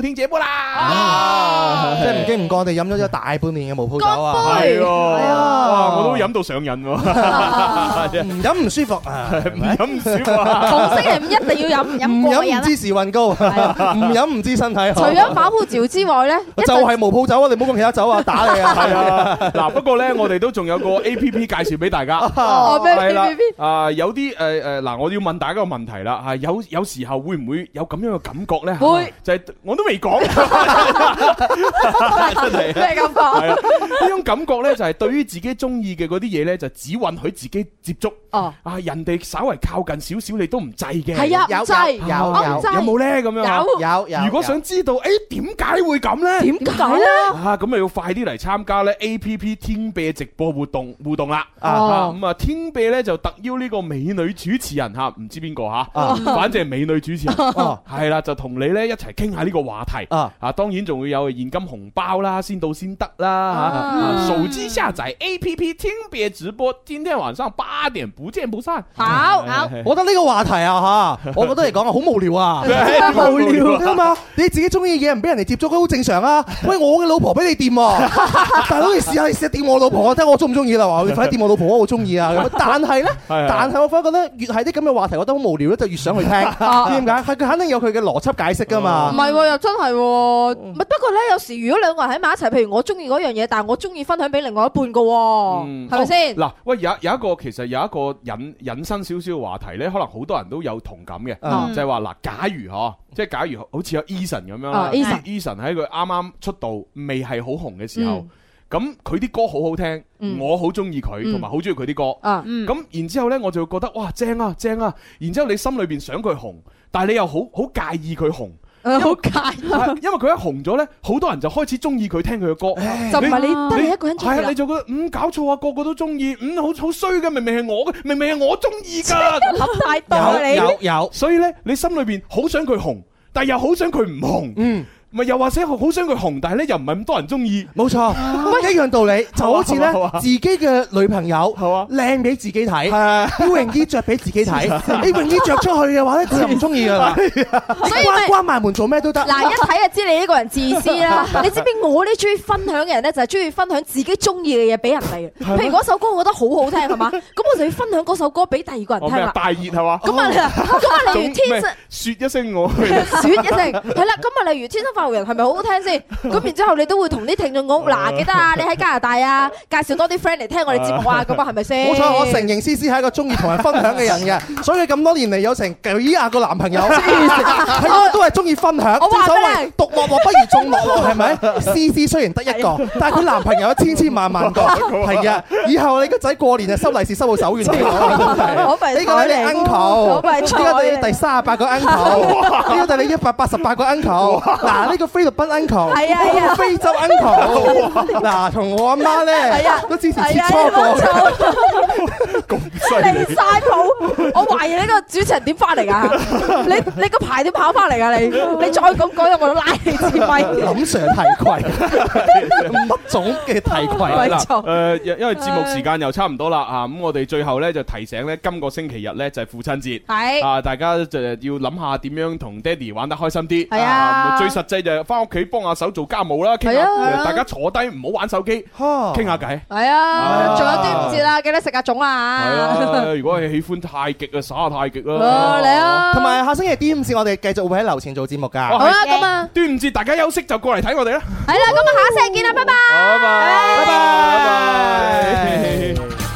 天姐杯啦，即係唔經唔覺我哋飲咗咗大半年嘅毛鋪酒啊，係啊，我都飲到上癮，唔飲唔舒服啊，唔飲唔舒服。逢星期五一定要飲，唔飲唔知時運高，唔飲唔知身體好。除咗毛鋪酒之外咧，就係毛鋪酒啊，你唔好講其他酒啊，打你啊，係啊。嗱，不過咧，我哋都仲有個 A P P 介紹俾大家，係啦，啊，有啲誒誒，嗱，我要問大家個問題啦，吓，有有時候會唔會有咁樣嘅感覺咧？會，就係我都。未講，真係咩感覺？係啊，呢種感覺咧就係對於自己中意嘅嗰啲嘢咧，就只允許自己接觸。哦，啊，人哋稍為靠近少少，你都唔制嘅。係啊，有有有有冇咧？咁樣有有有。如果想知道，誒，點解會咁咧？點解咧？啊，咁啊要快啲嚟參加咧 A P P 天貝直播活動互動啦。哦。咁啊，天貝咧就特邀呢個美女主持人吓，唔知邊個吓，反正係美女主持人係啦，就同你咧一齊傾下呢個話話題啊，啊，當然仲會有現金紅包啦，先到先得啦。手機下載 A P P 聽別直播，今天晚上八點不見不散。好，好，我覺得呢個話題啊，吓，我覺得你講啊，好無聊啊，無聊啊嘛，你自己中意嘅嘢唔俾人哋接觸都好正常啊。喂，我嘅老婆俾你掂啊，但係可以試下試下掂我老婆，睇下我中唔中意啦。話快掂我老婆，我中意啊。但係咧，但係我反而覺得越係啲咁嘅話題，我覺得好無聊咧，就越想去聽，知唔知點解？佢肯定有佢嘅邏輯解釋噶嘛，唔係又真係不過呢，有時如果兩個人喺埋一齊，譬如我中意嗰樣嘢，但係我中意分享俾另外一半嘅喎，係咪先？嗱，喂，有有一個其實有一個引引申少少嘅話題呢，可能好多人都有同感嘅，就係話嗱，假如嚇，即係假如好似阿 Eason 咁樣 Eason 喺佢啱啱出道未係好紅嘅時候，咁佢啲歌好好聽，我好中意佢，同埋好中意佢啲歌，咁然之後呢，我就會覺得哇，正啊正啊！然之後你心裏邊想佢紅，但係你又好好介意佢紅。好介，因為佢一紅咗呢，好多人就開始中意佢，聽佢嘅歌。就唔係你得你一個人，係、啊、你就覺得嗯，搞錯啊，個個都中意，嗯，好好衰嘅，明明係我嘅，明明係我中意噶，諗太多你。有有，所以呢，你心裏邊好想佢紅，但又好想佢唔紅。嗯。唔係又或者好想佢紅，但係咧又唔係咁多人中意。冇錯，一樣道理，就好似咧自己嘅女朋友，靚俾自己睇，泳衣着俾自己睇，泳衣着出去嘅話咧，都唔中意㗎啦。所以關關埋門做咩都得。嗱，一睇就知你呢個人自私啦。你知唔知我呢？中意分享嘅人咧，就係中意分享自己中意嘅嘢俾人哋。譬如嗰首歌，我覺得好好聽，係嘛？咁我就要分享嗰首歌俾第二個人聽啦。大熱係嘛？咁啊，咁啊，例如天生說一聲我，一聲係啦。咁啊，例如天生後人係咪好好聽先？咁然之後你都會同啲聽眾講嗱，記得啊，你喺加拿大啊，介紹多啲 friend 嚟聽我哋節目啊，咁啊係咪先？冇錯，我承認思思係一個中意同人分享嘅人嘅，所以咁多年嚟有成幾廿個男朋友，係啊，都係中意分享。正所謂，獨樂樂不如眾樂樂，係咪？思思雖然得一個，但係佢男朋友千千萬萬個，係啊。以後你個仔過年就收利是收到手軟，呢個係你 uncle，呢個係你第三十八個 uncle，呢個係你一百八十八個 uncle，嗱。呢個菲律賓 uncle，啊，啊，非洲 uncle，嗱，同我阿媽咧都之前切磋過，離曬譜。我懷疑呢個主持人點翻嚟啊？你你個牌點跑翻嚟啊？你你再咁講，我拉你撤麥。咁常提攜，乜種嘅提攜？誒，因為節目時間又差唔多啦嚇，咁我哋最後咧就提醒咧，今個星期日咧就係父親節，啊，大家就要諗下點樣同爹哋玩得開心啲，啊，最實際。就翻屋企幫下手做家務啦，大家坐低唔好玩手機，傾下偈。係啊，仲有端午節啊，記得食下粽啊。係啊，如果你喜歡太極啊，耍下太極啦。嚟啊！同埋下星期端午節，我哋繼續會喺樓前做節目噶。好啦，咁啊。端午節大家休息就過嚟睇我哋啦。係啦，咁啊，下星期見啦，拜拜。拜拜拜拜。